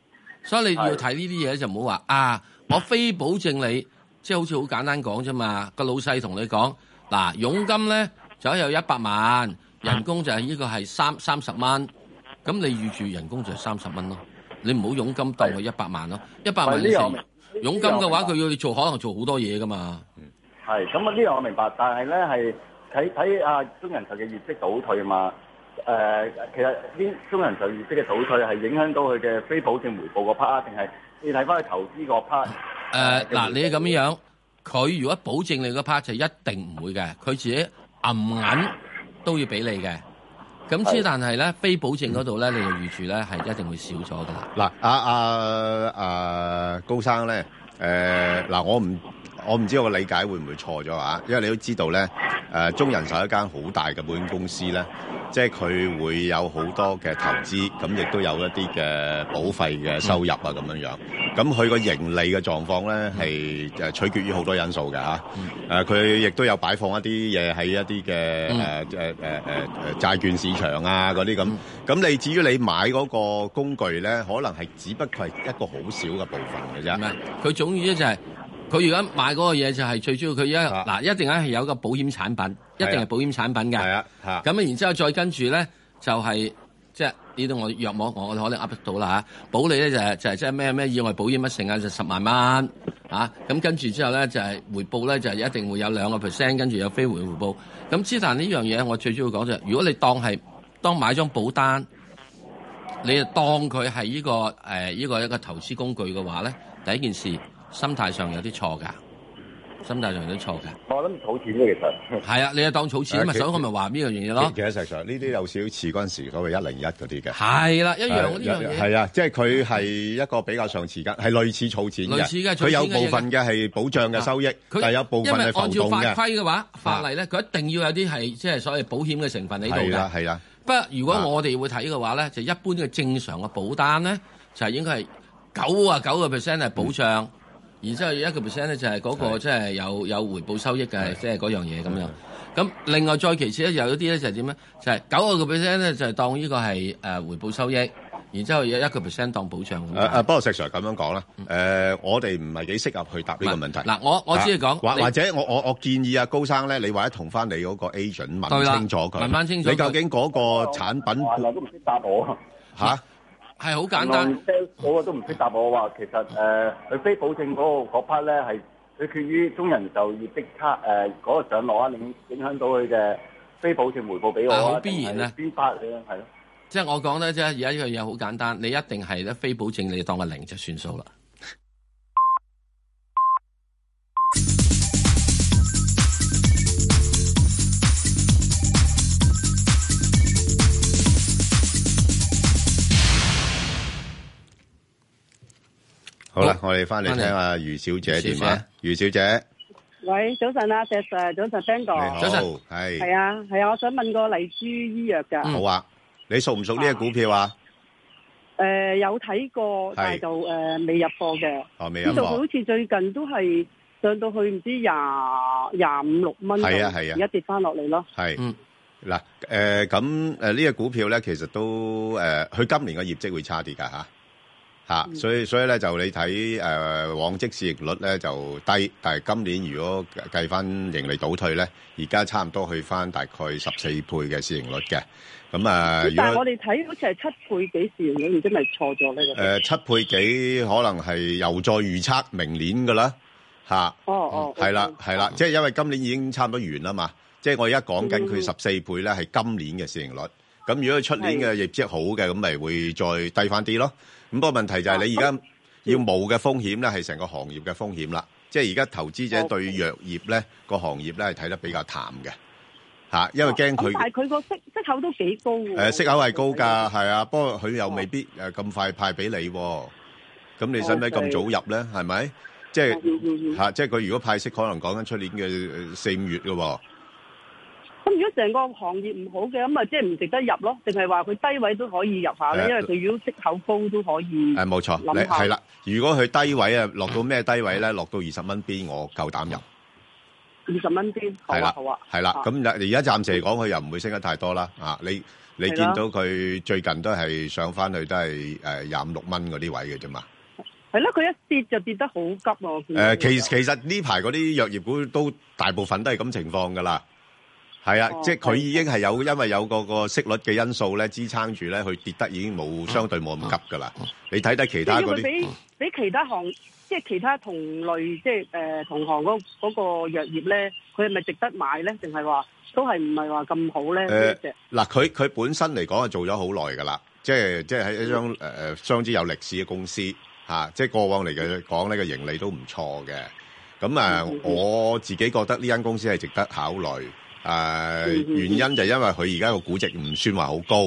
所以你要睇呢啲嘢，就唔好話啊，我非保證你，即、就、係、是、好似好簡單講啫嘛。個老細同你講，嗱，佣金咧就有一百萬。人工就係呢個係三三十蚊，咁你預住人工就係三十蚊咯，你唔好佣金當佢一百萬咯，一百萬呢？佣金嘅話佢要你做可能做好多嘢噶嘛。係，咁啊呢樣我明白，但係咧係睇睇啊中銀投嘅業績倒退啊嘛。誒，其實呢中銀投業績嘅倒退係影響到佢嘅非保證回報個 part，定係你睇翻佢投資個 part？誒，嗱，你咁樣樣，佢如果保證你個 part 就一定唔會嘅，佢自己揞銀都要俾你嘅，咁即但係咧，非保證嗰度咧，你就預住咧係一定會少咗㗎啦。嗱、啊，阿阿阿高生咧，誒，嗱，我唔。我唔知我理解會唔會錯咗啊，因為你都知道咧，誒、呃、中人壽一間好大嘅保險公司咧，即係佢會有好多嘅投資，咁亦都有一啲嘅保費嘅收入啊咁樣樣。咁佢個盈利嘅狀況咧係、嗯、取決於好多因素嘅嚇。誒佢亦都有擺放一啲嘢喺一啲嘅誒誒誒誒債券市場啊嗰啲咁。咁、嗯、你至於你買嗰個工具咧，可能係只不過係一個好少嘅部分嘅啫。唔係，佢總之呢就係、是。佢如果買嗰個嘢就係最主要佢，佢一嗱一定咧係有個保險產品，啊、一定係保險產品㗎。係啊，咁啊，然之後再跟住咧就係、係、即係呢度我若望我可能 up 到啦嚇。保利咧就係、係、就係即係咩咩意外保險乜剩、就係、啊，就十萬蚊啊！咁跟住之後咧就係、係、回報咧就係、係、一定會有兩個 percent，跟住有非回，回報。咁之但呢樣嘢我最主要講就係、係，如果你當係當買張保單，你當佢係呢個誒呢、呃呢個一個投資工具嘅話咧，第一件事。心態上有啲錯噶，心態上有啲錯噶。我諗儲錢啫，其實係 啊，你又當儲錢啊嘛，所以我咪話呢樣嘢咯。其實實際上呢啲有少少似嗰陣時所謂一零一嗰啲嘅。係啦、啊，一樣呢樣嘢。係啊，即係佢係一個比較上似嘅，係類似儲錢。類似嘅，佢有部分嘅係保障嘅收益，啊、但有部分嘅浮動嘅。因為按照法規嘅話，法例咧，佢、啊、一定要有啲係即係所謂保險嘅成分喺度嘅。係啦、啊，係啦、啊。不過，如果我哋會睇嘅話咧、啊，就一般嘅正常嘅保單咧，就係應該係九啊九個 percent 係保障。嗯然之後一、就是、個 percent 咧就係嗰個即係有有回報收益嘅，即係嗰樣嘢咁樣。咁另外再其次咧，有一啲咧就係點咧？就係、是、九、就是、個 percent 咧就係當呢個係誒回報收益。然之後有一個 percent 當保障咁。誒、啊、誒、啊，不過石 Sir 咁樣講啦。誒、嗯啊，我哋唔係幾適合去答呢個問題。嗱，我我只係講，或、啊、或者我我我建議阿高生咧，你或者同翻你嗰個 agent 問清楚佢。問翻清楚，你究竟嗰個產品？都唔識答我嚇。啊啊。係好簡單，我都唔識答我話，其實誒，佢、呃、非保證嗰、那個嗰 part 咧係取決於中人就業績差誒，嗰、呃那個上落啊，影影響到佢嘅非保證回報俾我，好、啊、必然啊，必然嘅係咯，即係我講咧，即係而家呢樣嘢好簡單，你一定係咧非保證，你當個零就算數啦。我哋翻嚟聽下余小姐電話。余小姐，喂，早晨啊，石誒，早晨，Ben 哥。早晨，係係啊，係啊，我想問個麗珠醫藥嘅、嗯。好啊，你熟唔熟呢隻股票啊？誒、啊呃，有睇過，但係就誒未、呃、入貨嘅。哦，未入貨。好似最近都係上到去唔知廿廿五六蚊。係啊，係啊。而家跌翻落嚟咯。係。嗱、嗯，誒咁誒呢隻股票咧，其實都誒，佢、呃、今年嘅業績會差啲噶吓。啊吓、嗯，所以所以咧就你睇誒、呃、往績市盈率咧就低，但係今年如果計翻盈利倒退咧，而家差唔多去翻大概十四倍嘅市盈率嘅。咁、嗯、啊，呃、如果但係我哋睇好似係七倍幾市盈率已經錯，真係錯咗呢個。誒，七倍幾可能係又再預測明年噶啦。吓，哦哦，係啦係啦，即係因為今年已經差唔多完啦嘛。嗯、即係我而家講緊佢十四倍咧係今年嘅市盈率，咁、嗯、如果佢出年嘅業績好嘅，咁咪會再低翻啲咯。咁不過問題就係你而家要冒嘅風險咧，係成個行業嘅風險啦。即係而家投資者對藥業咧個行業咧係睇得比較淡嘅吓，因為驚佢。但係佢個息息口都幾高嘅。誒，息口係高噶，係啊。不過佢又未必誒咁快派俾你。咁你使唔使咁早入咧？係咪？即係吓，即係佢如果派息，可能講緊出年嘅四五月噶。咁如果成個行業唔好嘅，咁啊即係唔值得入咯，定係話佢低位都可以入下咧？因為佢如果息口高都可以。誒冇錯。諗下係啦，如果佢低位啊，落到咩低位咧？落到二十蚊邊，我夠膽入。二十蚊邊？係啦，好啊。係啦，咁而而家暫時嚟講，佢又唔會升得太多啦。啊，你你見到佢最近都係上翻去都係誒廿五六蚊嗰啲位嘅啫嘛。係咯，佢一跌就跌得好急哦。誒，其其實呢排嗰啲藥業股都大部分都係咁情況噶啦。係啊，哦、即係佢已經係有、嗯，因為有個個息率嘅因素咧支撐住咧，佢跌得已經冇相對冇咁急噶啦、嗯嗯。你睇睇其他嗰啲，俾、嗯、其他行，即係其他同類，即係誒、呃、同行嗰、嗰、嗰個藥業咧，佢係咪值得買咧？定係話都係唔係話咁好咧？誒、呃，嗱，佢、呃、佢本身嚟講、呃、係，做咗好耐噶啦，即係即係喺一張誒誒，相之有歷史嘅公司吓，即係過往嚟嘅講呢個盈利都唔錯嘅。咁啊、嗯嗯，我自己覺得呢間公司係值得考慮。誒，原因就係因為佢而家個估值唔算話好高，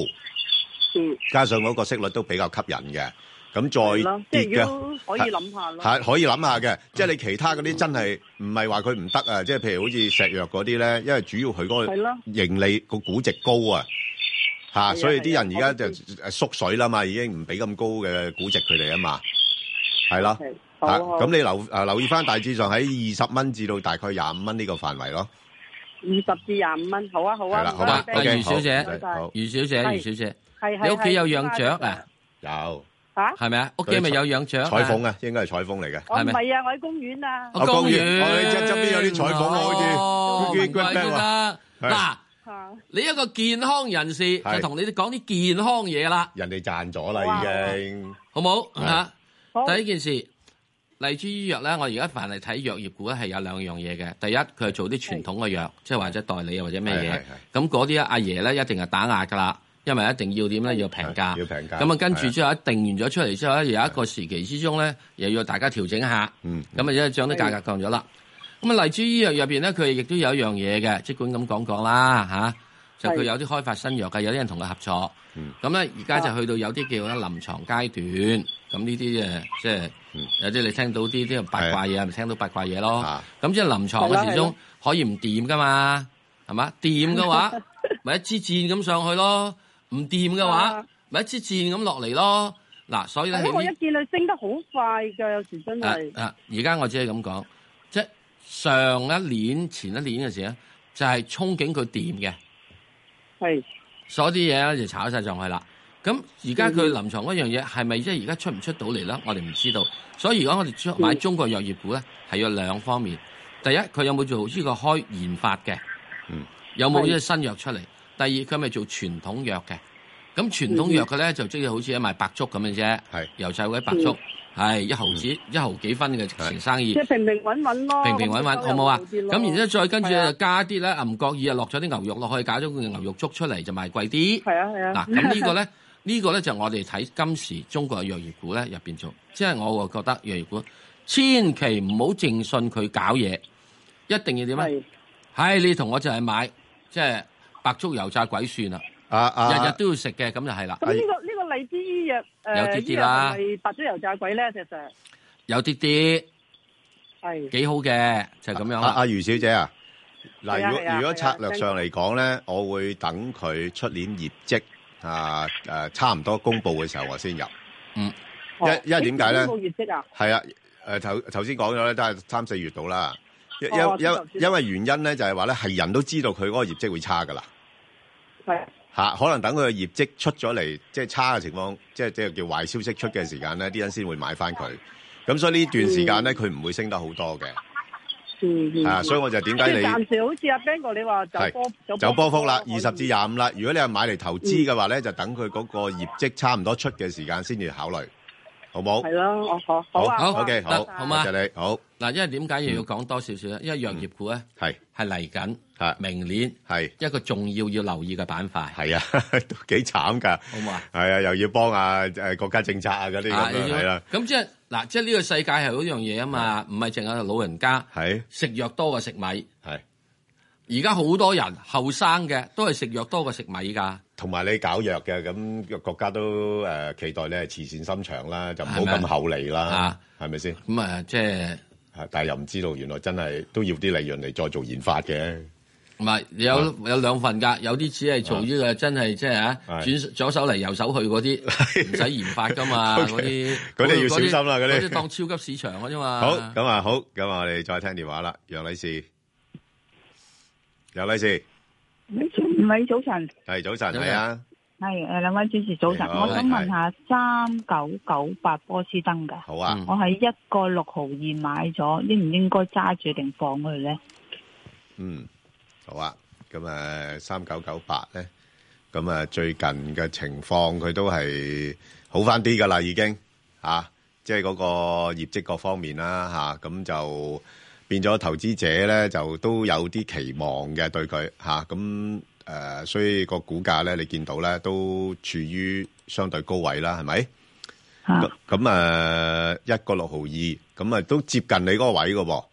加上嗰個息率都比較吸引嘅，咁再跌嘅，係可以諗下咯。係可以諗下嘅，即係你其他嗰啲真係唔係話佢唔得啊，即係譬如好似石藥嗰啲咧，因為主要佢嗰個盈利個估值高啊，吓，所以啲人而家就縮水啦嘛，已經唔俾咁高嘅估值佢哋啊嘛，係咯，吓，咁你留留意翻，大致上喺二十蚊至到大概廿五蚊呢個範圍咯。二十至廿五蚊，好啊好啊，好啦，啊，好啊，okay，余小姐，余小姐，余小姐，係係你屋企有養雀啊？有，吓，係咪啊？屋企咪有養雀？彩鳳啊，應該係彩鳳嚟嘅，係咪？唔係啊，我喺公園啊，啊，公園，我呢側側邊有啲彩鳳，哦哦，啊，好似，great back 啊，嗱，你一個健康人士，就同你哋講啲健康嘢啦，人哋賺咗啦已經，好唔好吓，啊？好，第一件事。例如醫藥咧，我而家凡係睇藥業股咧，係有兩樣嘢嘅。第一，佢係做啲傳統嘅藥，即係或者代理或者咩嘢。咁嗰啲阿爺咧，一定係打壓㗎啦，因為一定要點咧，要平價。要平價。咁啊，跟住之後，定完咗出嚟之後咧，有一個時期之中咧，又要大家調整下。嗯。咁啊，即係將啲價格降咗啦。咁啊，例如醫藥入邊咧，佢亦都有一樣嘢嘅，即管咁講講啦吓，就佢有啲開發新藥嘅，有啲人同佢合作。嗯。咁咧，而家就去到有啲叫臨床階段。咁呢啲誒，即係。嗯、有啲你聽到啲啲八卦嘢，咪聽到八卦嘢咯。咁即係臨床嘅時鐘可以唔掂噶嘛？係嘛？掂嘅話，咪 一支箭咁上去咯；唔掂嘅話，咪一支箭咁落嚟咯。嗱、啊，所以咧，我，我一見佢升得好快嘅，有時真係。啊！而、啊、家我只係咁講，即係上一年前一年嘅時咧，就係、是、憧憬佢掂嘅，係，所以啲嘢咧就炒晒上去啦。咁而家佢臨床嗰樣嘢係咪即係而家出唔出到嚟咧？我哋唔知道。所以如果我哋買中國藥業股咧，係有兩方面。第一，佢有冇做呢個開研發嘅？嗯。有冇呢個新藥出嚟？第二，佢係咪做傳統藥嘅？咁傳統藥嘅咧，就即係好似賣白粥咁樣啫。係油菜會白粥，係、哎、一毫子一毫幾分嘅直情生意。即係平平穩穩咯。平平穩穩，好唔好啊？咁然之後再跟住加啲咧，唔覺意又落咗啲牛肉落去，搞咗佢嘅牛肉粥出嚟，就賣貴啲。係啊係啊。嗱咁呢個咧。 呢、這個咧就我哋睇今時中國嘅藥業股咧入邊做，即、就、係、是、我話覺得藥業股千祈唔好淨信佢搞嘢，一定要點啊？係、哎、你同我就係買，即、就、係、是、白粥油炸鬼算啦，日日都要食嘅，咁就係啦。咁呢個呢個荔枝醫藥誒，呢啲係白粥油炸鬼咧？其實有啲啲係幾好嘅，就係、是、咁樣。阿、啊、阿、啊、余小姐啊，嗱、啊啊，如果策略上嚟講咧，我會等佢出年業績。啊誒、啊，差唔多公布嘅時候我先入，嗯，因、嗯、因為點解咧？係啊，誒頭頭先講咗咧，都係三四月度啦。因因因因為原因咧，就係話咧係人都知道佢嗰個業績會差噶啦。係吓、啊，可能等佢嘅業績出咗嚟，即係差嘅情況，即係即係叫壞消息出嘅時間咧，啲人先會買翻佢。咁所以呢段時間咧，佢唔會升得好多嘅。嗯嗯、啊、嗯，所以我就點解你，即暫時好似阿 Bang 哥你話就波就波幅啦，二十至廿五啦。如果你係買嚟投資嘅話咧、嗯，就等佢嗰個業績差唔多出嘅時間先至考慮、嗯，好冇？係咯，好，好好 OK，好，okay，好嘛，好嗎，謝謝你，好嗱，因為，為點解又要講多少少咧？因為藥業股咧係係嚟緊。嗯啊！明年係一個重要要留意嘅板塊。係啊，都幾慘噶。好嘛？係啊，又要幫啊誒國家政策啊嗰啲咁樣係啦。咁即係嗱，即係呢個世界係嗰樣嘢啊嘛，唔係淨係老人家係、啊、食藥多過食米。係而家好多人後生嘅都係食藥多過食米噶。同埋你搞藥嘅咁，國家都誒、呃、期待你係慈善心腸啦，就唔好咁厚利啦，係咪先？咁啊，即係、嗯嗯就是，但係又唔知道，原來真係都要啲利潤嚟再做研發嘅。唔係有有兩份噶，有啲只係做於嘅、啊，真係即係啊，轉左手嚟，右手去嗰啲，唔 使研發噶嘛，嗰啲嗰啲要小心啦，嗰啲當超級市場嘅啫嘛。好，咁啊，好，咁啊，我哋再聽電話啦，楊女士，楊女士，唔係早晨，係早晨係啊，係誒，兩位主持早晨，我想問下三九九八波斯登㗎。好啊，我喺一個六毫二買咗，應唔應該揸住定放佢咧？嗯。好啊，咁啊三九九八咧，咁啊最近嘅情況佢都係好返啲噶啦，已經吓，即係嗰個業績各方面啦吓，咁、啊、就變咗投資者咧就都有啲期望嘅對佢吓，咁、啊、誒、啊，所以個股價咧你見到咧都處於相對高位啦，係咪？啊，咁啊一個六毫二，咁啊都接近你嗰個位㗎喎。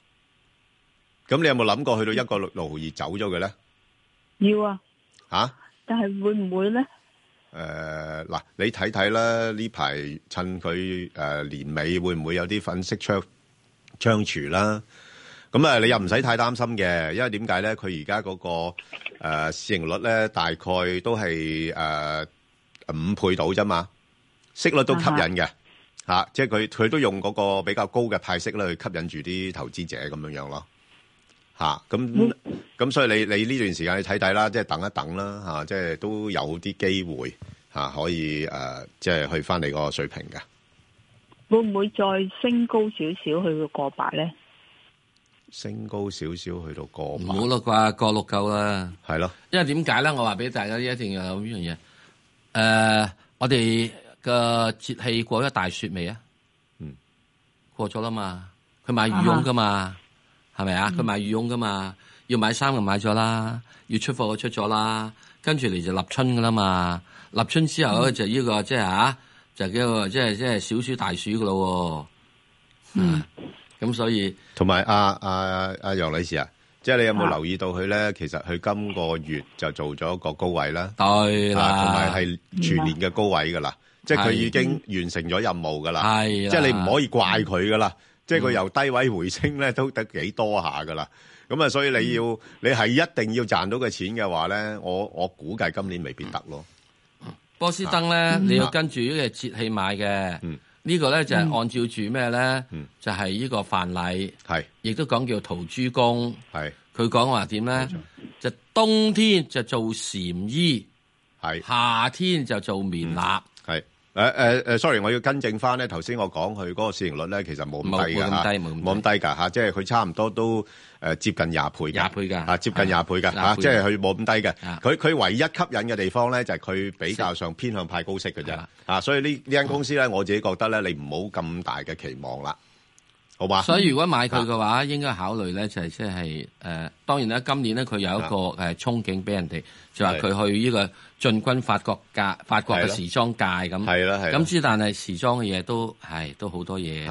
咁你有冇諗過去到一個六六毫二走咗嘅咧？要啊！吓，但係會唔會咧？誒，嗱，你睇睇啦。呢排趁佢誒年尾會唔會有啲粉飾櫥窗啦？咁啊，你又唔使太擔心嘅，因為點解咧？佢而家嗰個誒市盈率咧，大概都係誒五倍到啫嘛，息率都吸引嘅吓，即係佢佢都用嗰個比較高嘅派息咧去吸引住啲投資者咁樣樣咯。吓咁咁，所以你你呢段時間睇睇啦，即係等一等啦，吓即係都有啲機會吓可以誒，即係去翻你個水平嘅，會唔會再升高少少去到過百咧？升高少少去到過百，唔好啦啩，過六夠啦，係咯。因為點解咧？我話俾大家一定要有呢樣嘢。誒，我哋個節氣過咗大雪未啊？嗯，過咗啦嘛，佢買羽絨噶嘛。啊係咪啊？佢、嗯、買羽絨噶嘛？要買衫就買咗啦，要出貨就出咗啦，跟住嚟就立春噶啦嘛。立春之後咧就呢、這個即係吓，就叫個即係即係小暑大暑噶咯。嗯，咁、嗯、所以同埋阿阿阿楊女士啊，即係你有冇留意到佢咧？其實佢今個月就做咗一個高位啦，對啦，同埋係全年嘅高位噶啦。即係佢已經完成咗任務噶啦。係、即、就、係、係、你唔可以怪佢噶啦。即係佢由低位回升咧、嗯，都得幾多下噶啦。咁啊，所以你要你係一定要賺到嘅錢嘅話咧，我我估計今年未必得咯、嗯嗯。波斯登咧、嗯，你要跟住、嗯這個、呢個節氣買嘅。呢個咧就係、是、按照住咩咧？就係、是、呢個范蠡，係亦都講叫陶朱公。係佢講話點咧？就冬天就做禪衣，係夏天就做棉衲。嗯嗯誒、uh, uh, sorry 我要更正翻咧。頭先我講佢嗰個市盈率咧，其實冇咁低㗎。冇咁低，冇咁低㗎嚇。即係佢差唔多都接近廿倍，廿倍㗎。啊，啊呃、接近廿倍㗎、uh, uh, uh, 即係佢冇咁低嘅。佢、uh, 佢唯一吸引嘅地方咧，就係、是、佢比較上偏向派高息嘅啫、啊。所以呢呢間公司咧，我自己覺得咧，你唔好咁大嘅期望啦。好吧，所以如果買佢嘅話、嗯，應該考慮咧就係即係誒，當然啦，今年咧佢有一個誒憧憬俾人哋，就話、是、佢去呢個進軍法國界、法國嘅時裝界咁。係啦係。咁之但係時裝嘅嘢都係都好多嘢，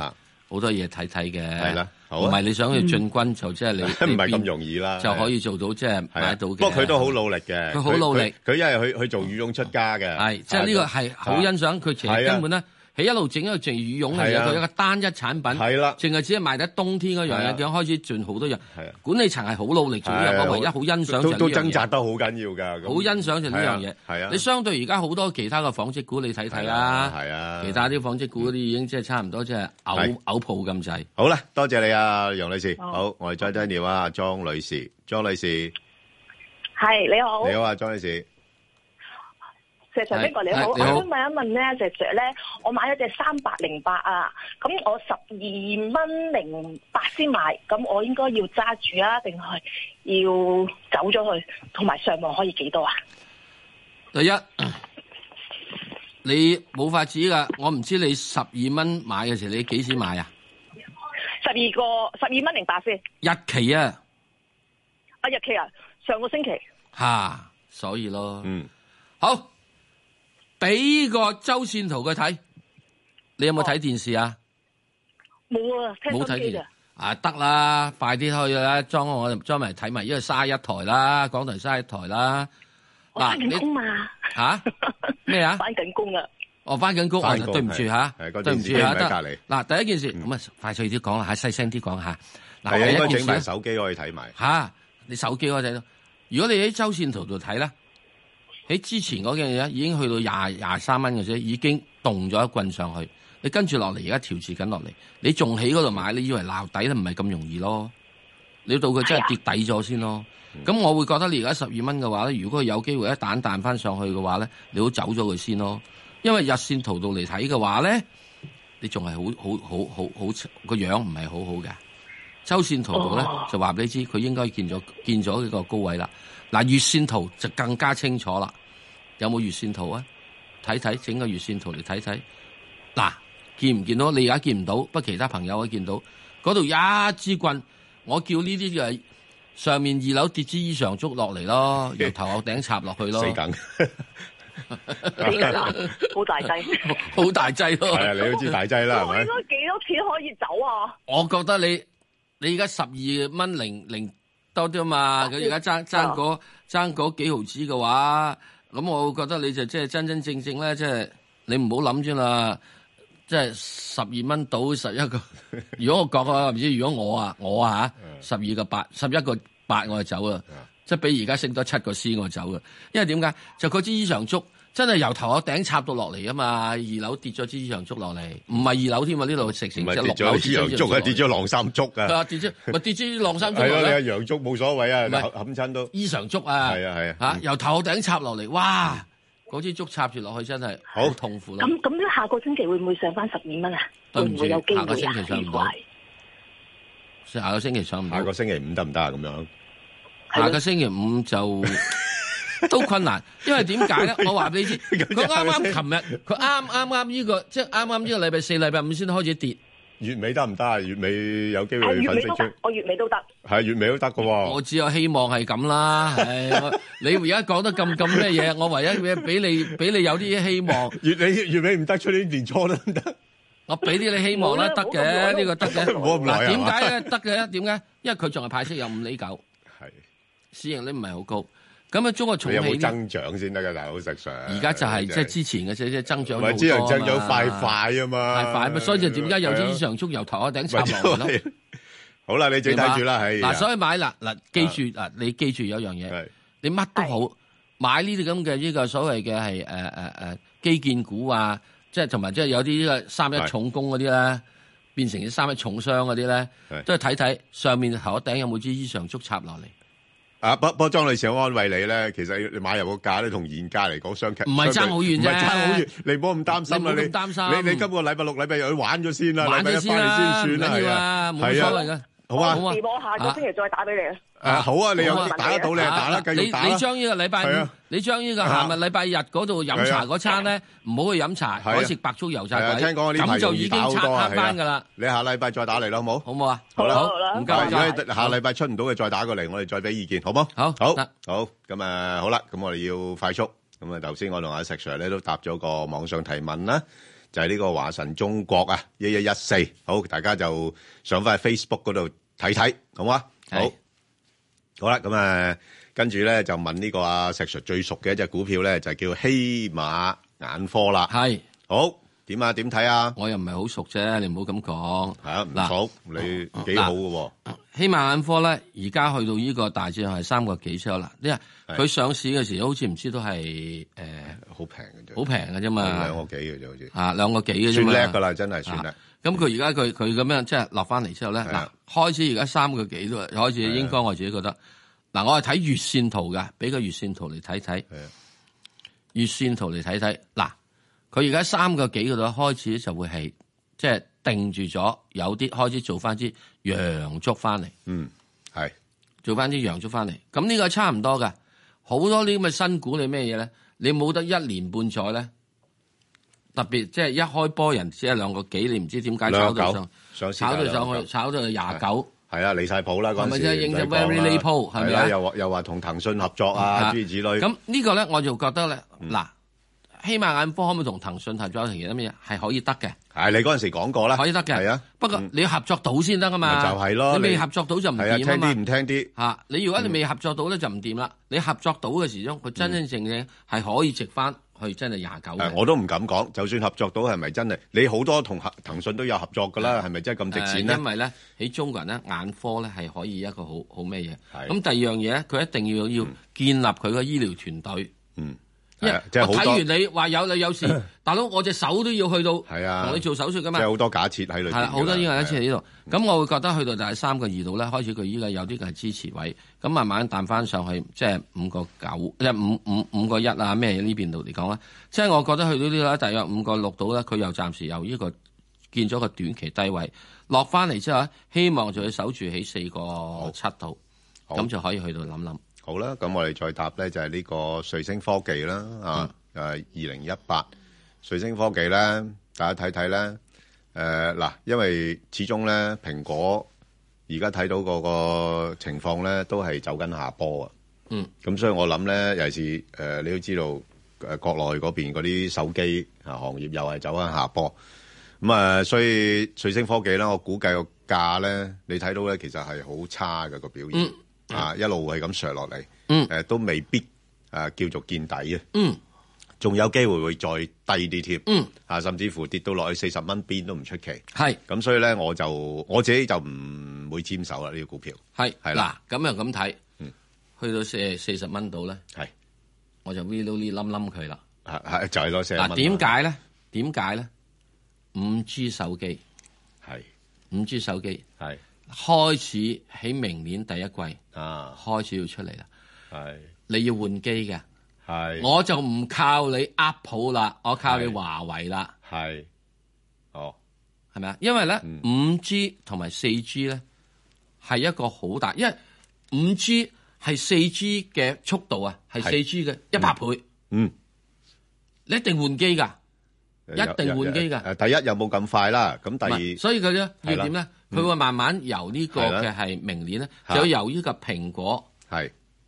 好多嘢睇睇嘅。係啦，唔係你想去進軍、嗯、就即係你。唔係咁容易啦。就可以做到即係買到。嘅。不過佢都好努力嘅。佢好努力。佢因為去去做羽絨出家嘅。係，即係呢個係好欣賞佢，其實根本咧。喺一路整一個淨羽絨嘅嘢，啊、有一個單一產品，淨係、啊、只係賣得冬天嗰樣嘢，啊、開始轉好多樣、啊。管理層係好努力做呢樣嘢，唯一好欣賞都掙扎得好緊要噶，好欣賞就呢樣嘢。係啊,啊，你相對而家好多其他嘅紡織股，你睇睇啦，係啊,啊，其他啲紡織股啲已經即係差唔多,、啊、多，即係嘔嘔泡咁滯。好啦，多謝你啊，楊女士、哦。好，我哋再再傾啊，莊女士，莊女士，係你好，你好啊，莊女士。石石邊個你好？我想問一問咧，石石咧，我買咗隻三百零八啊，咁我十二蚊零八先買，咁我應該要揸住啊，定係要走咗去？同埋上望可以幾多啊？第一，你冇法子㗎，我唔知你十二蚊買嘅時候，你幾時買啊？十二個十二蚊零八先。日期啊，啊日期啊，上個星期。吓、啊，所以咯，嗯，好。俾個周線圖佢睇，你有冇睇電視、哦、電視啊？冇啊，冇睇電視啊！得啦，快啲去啦，裝我，裝埋睇埋，因為卅一台啦，港台卅一台啦。我翻緊工嘛？吓？咩啊？翻緊工啊！我翻緊工、啊啊 哦啊，對唔住吓，對唔住啊！嗱，第一件事咁、嗯、啊，快脆啲講下，細聲啲講下。嗱，你整埋手機可以睇埋。吓、啊，你手機可以睇到。如果你喺周線圖度睇啦喺之前嗰件嘢已經去到廿廿三蚊嘅啫，已經動咗一棍上去。你跟住落嚟，而家調節緊落嚟，你仲喺嗰度買，你以為鬧底咧，唔係咁容易咯？你到佢真係跌底咗先咯。咁、哎、我會覺得你而家十二蚊嘅話咧，如果佢有機會一彈彈翻上去嘅話咧，你好走咗佢先咯。因為日線圖度嚟睇嘅話咧，你仲係好好好好好個樣唔係好好嘅。周線圖度咧就話俾你知，佢應該見咗見咗一個高位啦。嗱，月線圖就更加清楚啦。有冇月線圖啊？睇睇，整個月線圖嚟睇睇。嗱，見唔見到？你而家見唔到，不過其他朋友可以見到。嗰度有一支棍，我叫呢啲就係上面二樓跌支衣裳捉落嚟咯，由頭殼頂插落去咯。死梗，好 大劑，好大劑咯。係啊，你都知大劑啦。係咪？應該幾多錢可以走啊？我覺得你你而家十二蚊零零。多啲啊嘛，佢而家爭爭嗰嗰幾毫子嘅話，咁我覺得你就即係真真正正咧，即、就、係、是、你唔好諗住啦，即係十二蚊到十一個 如。如果我講啊，唔知如果我啊，8，我啊十二個八，十一個八我走啊，即係比而家升多七個絲我就走啊，因為點解就嗰支衣長足。真係由頭殼頂插到落嚟啊嘛！二樓跌咗支衣裳竹落嚟，唔係二樓添、就係、啊！呢度食成隻咗支羊竹，係跌咗狼山竹啊！跌跌支狼山竹。係、 啊、你個、啊、羊竹冇所謂啊，冚親都。衣裳竹啊！係啊係啊！嚇、啊，由、嗯啊、頭殼頂插落嚟，哇！嗰支竹插住落去真係好痛苦咯。咁咁，下個星期會唔會上翻十二蚊啊？會唔會有下個星期上唔到。下個星期上唔下個星期五得唔得啊？咁樣。下個星期五就。 都困難，因為點解咧？我話俾你知，佢啱啱琴日，佢啱啱啱呢個，即係啱啱呢個禮拜、就是、四、禮拜五先開始跌。月尾得唔得啊？月尾有機會粉飾出美？我月尾都得。係月尾都得噶，我只有希望係咁啦。 哎、你而家講得咁咁咩嘢？我唯一俾你俾你有啲希望。月尾月尾唔得出呢年初都得。我俾啲你希望啦，得嘅、這個這個、呢個得嘅。我唔來啊。點解咧？得嘅點解？因為佢仲係派息有五厘九。係市盈率唔係好高。咁啊，中國重汽有冇增長先得噶，大佬、就是，實上而家就係、是、即、就是、之前嘅即係增長增長快快啊嘛，嘛，所以就點解有啲衣上速由頭一頂插落嚟咧？好啦，你自己睇住啦，係嗱，所以買啦嗱，記住嗱、啊，你記住有一樣嘢，你乜都好買呢啲咁嘅呢個所謂嘅係誒誒誒基建股啊，即係同埋即係有啲呢個三一重工嗰啲咧，變成三一重傷嗰啲咧，都係睇睇上面頭一頂有冇支依上速插落嚟。啊，不不過，莊女士，我安慰你咧，其實你買入個價咧，同現價嚟講相距唔係差好遠啫，唔係差好遠，你唔好咁擔心啦，你你，你，你，你今個禮拜六、禮拜日去玩咗先啦，啊啊，禮拜一返嚟先算啦，唔緊要啊，冇所謂噶。好啊，好啊，啊，下個星期再打俾你啊。誒，好啊，你有得打得到你打啦，繼續打啦。係啊，你將呢個禮拜五，你將呢個下個禮拜日嗰度飲茶嗰餐咧，唔好去飲茶，攞食白粥油炸鬼。啊，聽講呢邊係好多啊。咁就已經餐餐班噶啦。你下禮拜再打嚟啦，好冇？好唔好啊？好啦，好啦，唔該，下禮拜出唔到嘅再打過嚟，我哋再俾意見，好唔好？好好得，好咁啊，好啦，咁我哋要快速。咁啊，頭先我同阿石 Sir 咧都答咗個網上提問啦。就係、是、呢個華晨中國啊，一一一四，好，大家就上翻去 Facebook 嗰度睇睇，好唔好啊？好，好啦，咁啊，跟住咧就問呢個阿石 Sir 最熟嘅一隻股票咧，就係叫希瑪眼科啦，係，好。點啊？點睇啊？我又唔係好熟啫，你唔、啊啊、好咁講、啊。吓、啊，唔熟你幾好嘅喎？希瑪眼科咧，而家去到呢個大致係三個幾之後啦。呢、啊、因為佢上市嘅時候好似唔知都係誒好平嘅啫，好平嘅啫嘛，兩、呃、個幾嘅啫，好似吓兩個幾嘅啫。算叻嘅啦，真係算叻。咁佢而家佢佢咁樣即係落翻嚟之後咧，嗱、啊、開始而家三個幾都開始，應該我自己覺得嗱、啊，我係睇月線圖嘅，俾個月線圖嚟睇睇，月線圖嚟睇睇嗱。啊佢而家三個幾嗰度開始就會係即係定住咗，有啲開始做翻支陽燭翻嚟。嗯，係做翻支陽燭翻嚟。咁呢個差唔多㗎，好多啲咁嘅新股你咩嘢咧？你冇得一年半載咧，特別即係一開波人先係兩個幾，你唔知點解炒到上，炒到上去，炒到廿九。係啊，離晒譜啦！嗰時。係咪即係應咗 very l a p o 係咪又又話同騰訊合作啊？諸如此類。咁呢個咧我就覺得咧嗱。嗯希瑪眼科可唔可以同騰訊合作？其實嘢咩係可以得嘅？係你嗰陣時講過啦，可以得嘅。係啊，不過你要合作到先得噶嘛？就係咯，你未合作到就唔掂啊嘛。啊聽啲唔聽啲。吓、啊，你如果你未合作到咧，就唔掂啦。你合作到嘅時中，佢真真正正係可以值翻去真係廿九。我都唔敢講，就算合作到係咪真係？你好多同騰訊都有合作噶啦，係咪、啊、真係咁值錢呢？因為咧喺中國人咧眼科咧係可以一個好好咩嘢？咁、啊、第二樣嘢佢一定要、嗯、要建立佢個醫療團隊。嗯。因為睇完你話有、啊就是、你，你有事，大佬我隻手都要去到，同你做手術噶嘛是、啊。即係好多假設喺裏面、啊。係好多呢個假設喺呢度，咁、啊、我會覺得去到第三個二度咧，開始佢依家有啲係支持位，咁慢慢彈翻上去，即係五個九，即五五五個一啊咩呢邊度嚟講咧？即係我覺得去到呢度咧，大約五個六度咧，佢又暫時由呢、這個見咗個短期低位落翻嚟之後希望就要守住喺四個七度，咁就可以去到諗諗。好啦，咁我哋再答咧，就係呢個瑞聲科技啦，啊，誒二零一八瑞聲科技咧，大家睇睇咧，誒嗱，因為始終咧蘋果而家睇到嗰個情況咧，都係走緊下坡啊。嗯。咁所以我諗咧，尤其是誒你都知道誒國內嗰邊嗰啲手機啊行業又係走緊下坡，咁啊，所以瑞聲科技咧，我估計個價咧，你睇到咧，其實係好差嘅個表現。啊、嗯，一路係咁削落嚟，誒，都未必誒叫做見底，嗯，仲有機會會再低啲添，嗯，啊，甚至乎跌到落去四十蚊，邊都唔出奇，係，咁所以咧，我就我自己就唔會接手啦呢個股票，係，係啦，咁樣咁睇，嗯，去到四四十蚊度咧，係，我就 w i l l l y 冧冧佢啦，就係攞四，點解咧？點解咧？五 G 手機，係，五 G 手機，係。開始喺明年第一季啊，開始要出嚟啦。係，你要換機嘅。係，我就唔靠你 Apple 啦，我靠你華為啦。係，哦，係咪啊？因為咧，五 G 同埋四 G 咧係一個好大，因為五 G 係四 G 嘅速度啊，係四 G 嘅一百倍嗯。嗯，你一定換機㗎。一定換機㗎。誒，第一又冇咁快啦。咁第二，所以佢咧要點咧？佢會慢慢由呢個嘅係明年咧，就要由呢個蘋果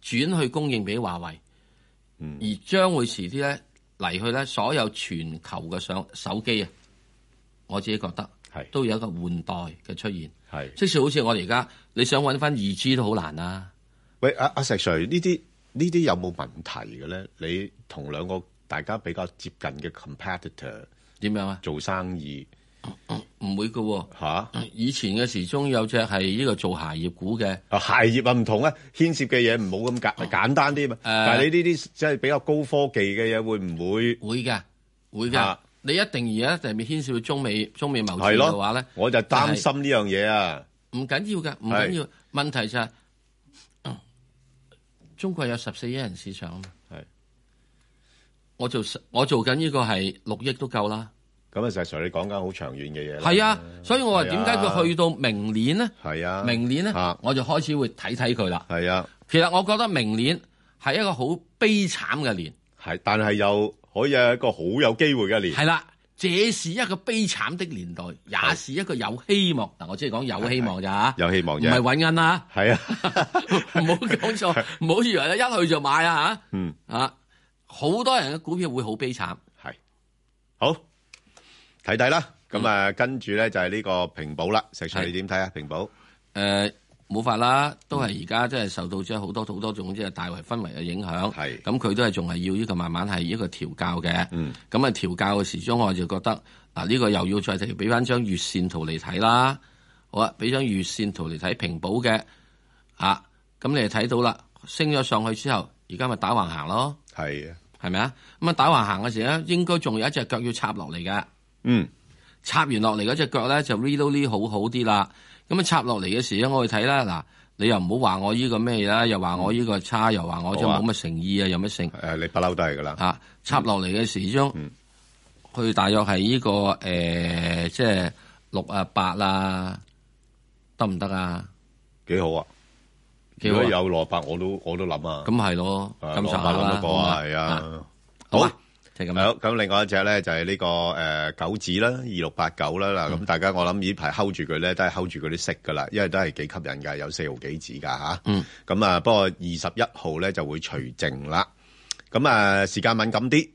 轉去供應俾華為，而將會遲啲咧嚟去咧所有全球嘅上手機啊！我自己覺得都有一個換代嘅出現。係，即使好似我哋而家你想揾翻二 G 都好難啊。喂，阿、啊、阿石 Sir，呢啲呢啲有冇問題嘅咧？你同兩個？大家比較接近嘅 competitor 點樣啊？做生意唔、哦哦、會嘅喎、啊啊、以前嘅時鐘有隻係呢個做鞋業股嘅。啊鞋業啊唔同啊，牽涉嘅嘢唔好咁簡、哦、簡單啲嘛。呃、但你呢啲即係比較高科技嘅嘢，會唔會？會嘅，會嘅、啊。你一定而家係咪牽涉到中美中美貿易嘅話咧？我就擔心呢樣嘢啊！唔緊要噶，唔緊要。問題就係、是嗯、中國有十四億人市場啊嘛。我做我做緊呢個係六億都夠啦。咁、嗯、啊，實在上你講緊好長遠嘅嘢。係啊，所以我話點解佢去到明年呢？係啊，明年咧、啊，我就開始會睇睇佢啦。係啊，其實我覺得明年係一個好悲慘嘅年。係，但係又可以係一個好有機會嘅年。係啦、啊，這是一個悲慘的年代，也是一個有希望。嗱、啊，我即係講有希望咋嚇、啊啊？有希望啫，唔係韻韻啦。係啊，唔好講錯，唔好以為咧一去就買啊嗯啊。好多人嘅股票會很悲慘好悲慘，係好睇睇啦。咁啊、嗯，跟住咧就係呢個平保啦。石、嗯、Sir 你點睇啊？平保誒，冇、呃、法啦，都係而家即係受到即係好多好多種即係大圍氛圍嘅影響。係、嗯、咁，佢都係仲係要呢個慢慢係一個調教嘅。嗯，咁啊，調教嘅時中我就覺得嗱，呢、啊這個又要再提，俾翻張月線圖嚟睇啦。好啊，俾張月線圖嚟睇平保嘅啊，咁你又睇到啦，升咗上去之後，而家咪打橫行咯。係啊，係咪啊？咁啊打橫行嘅時咧，應該仲有一隻腳要插落嚟嘅。嗯，插完落嚟嗰隻腳咧就 really 好好啲啦。咁啊插落嚟嘅時咧，我去睇啦。嗱，你又唔好話我呢個咩啦，又話我呢個差，嗯、又話我即係冇乜誠意啊，有乜剩？誒，你不嬲都係噶啦。吓，插落嚟嘅時中，佢大約係呢個誒，即係六啊八啦，得唔得啊？幾好啊！啊、如果有蘿蔔，我都我都諗啊。咁係咯，蘿蔔諗得過啊，係、嗯、啊。好，係咁。好咁，另外一隻咧就係、係、呢、呢個誒九、呃、子啦，二六八九啦嗱。咁、嗯、大家我諗呢排 hold 住佢咧，都係 hold 住佢啲色噶啦，因為都係幾吸引噶，有四毫幾子噶嚇。嗯。咁啊，不過二十一號咧就會除淨啦。咁啊，時間敏感啲。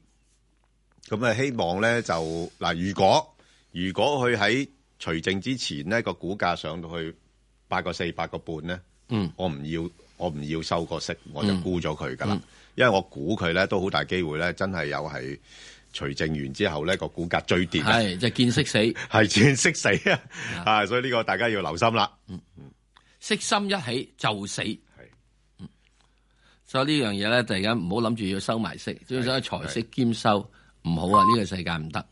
咁啊，希望咧就嗱、啊，如果如果佢喺除淨之前咧、個股價上到去八個四、八個半咧。嗯，我唔要，我唔要收個息，我就沽咗佢噶啦。因為我估佢咧都好大機會咧，真係有係除淨完之後咧個股價最跌，係就是、見識死，係 見識死啊！啊， 所以呢個大家要留心啦。嗯嗯，識心一起就死，係嗯，所以呢樣嘢咧，突然間唔好諗住要收埋息，所以財息兼收唔好啊。呢、呢個世界唔得。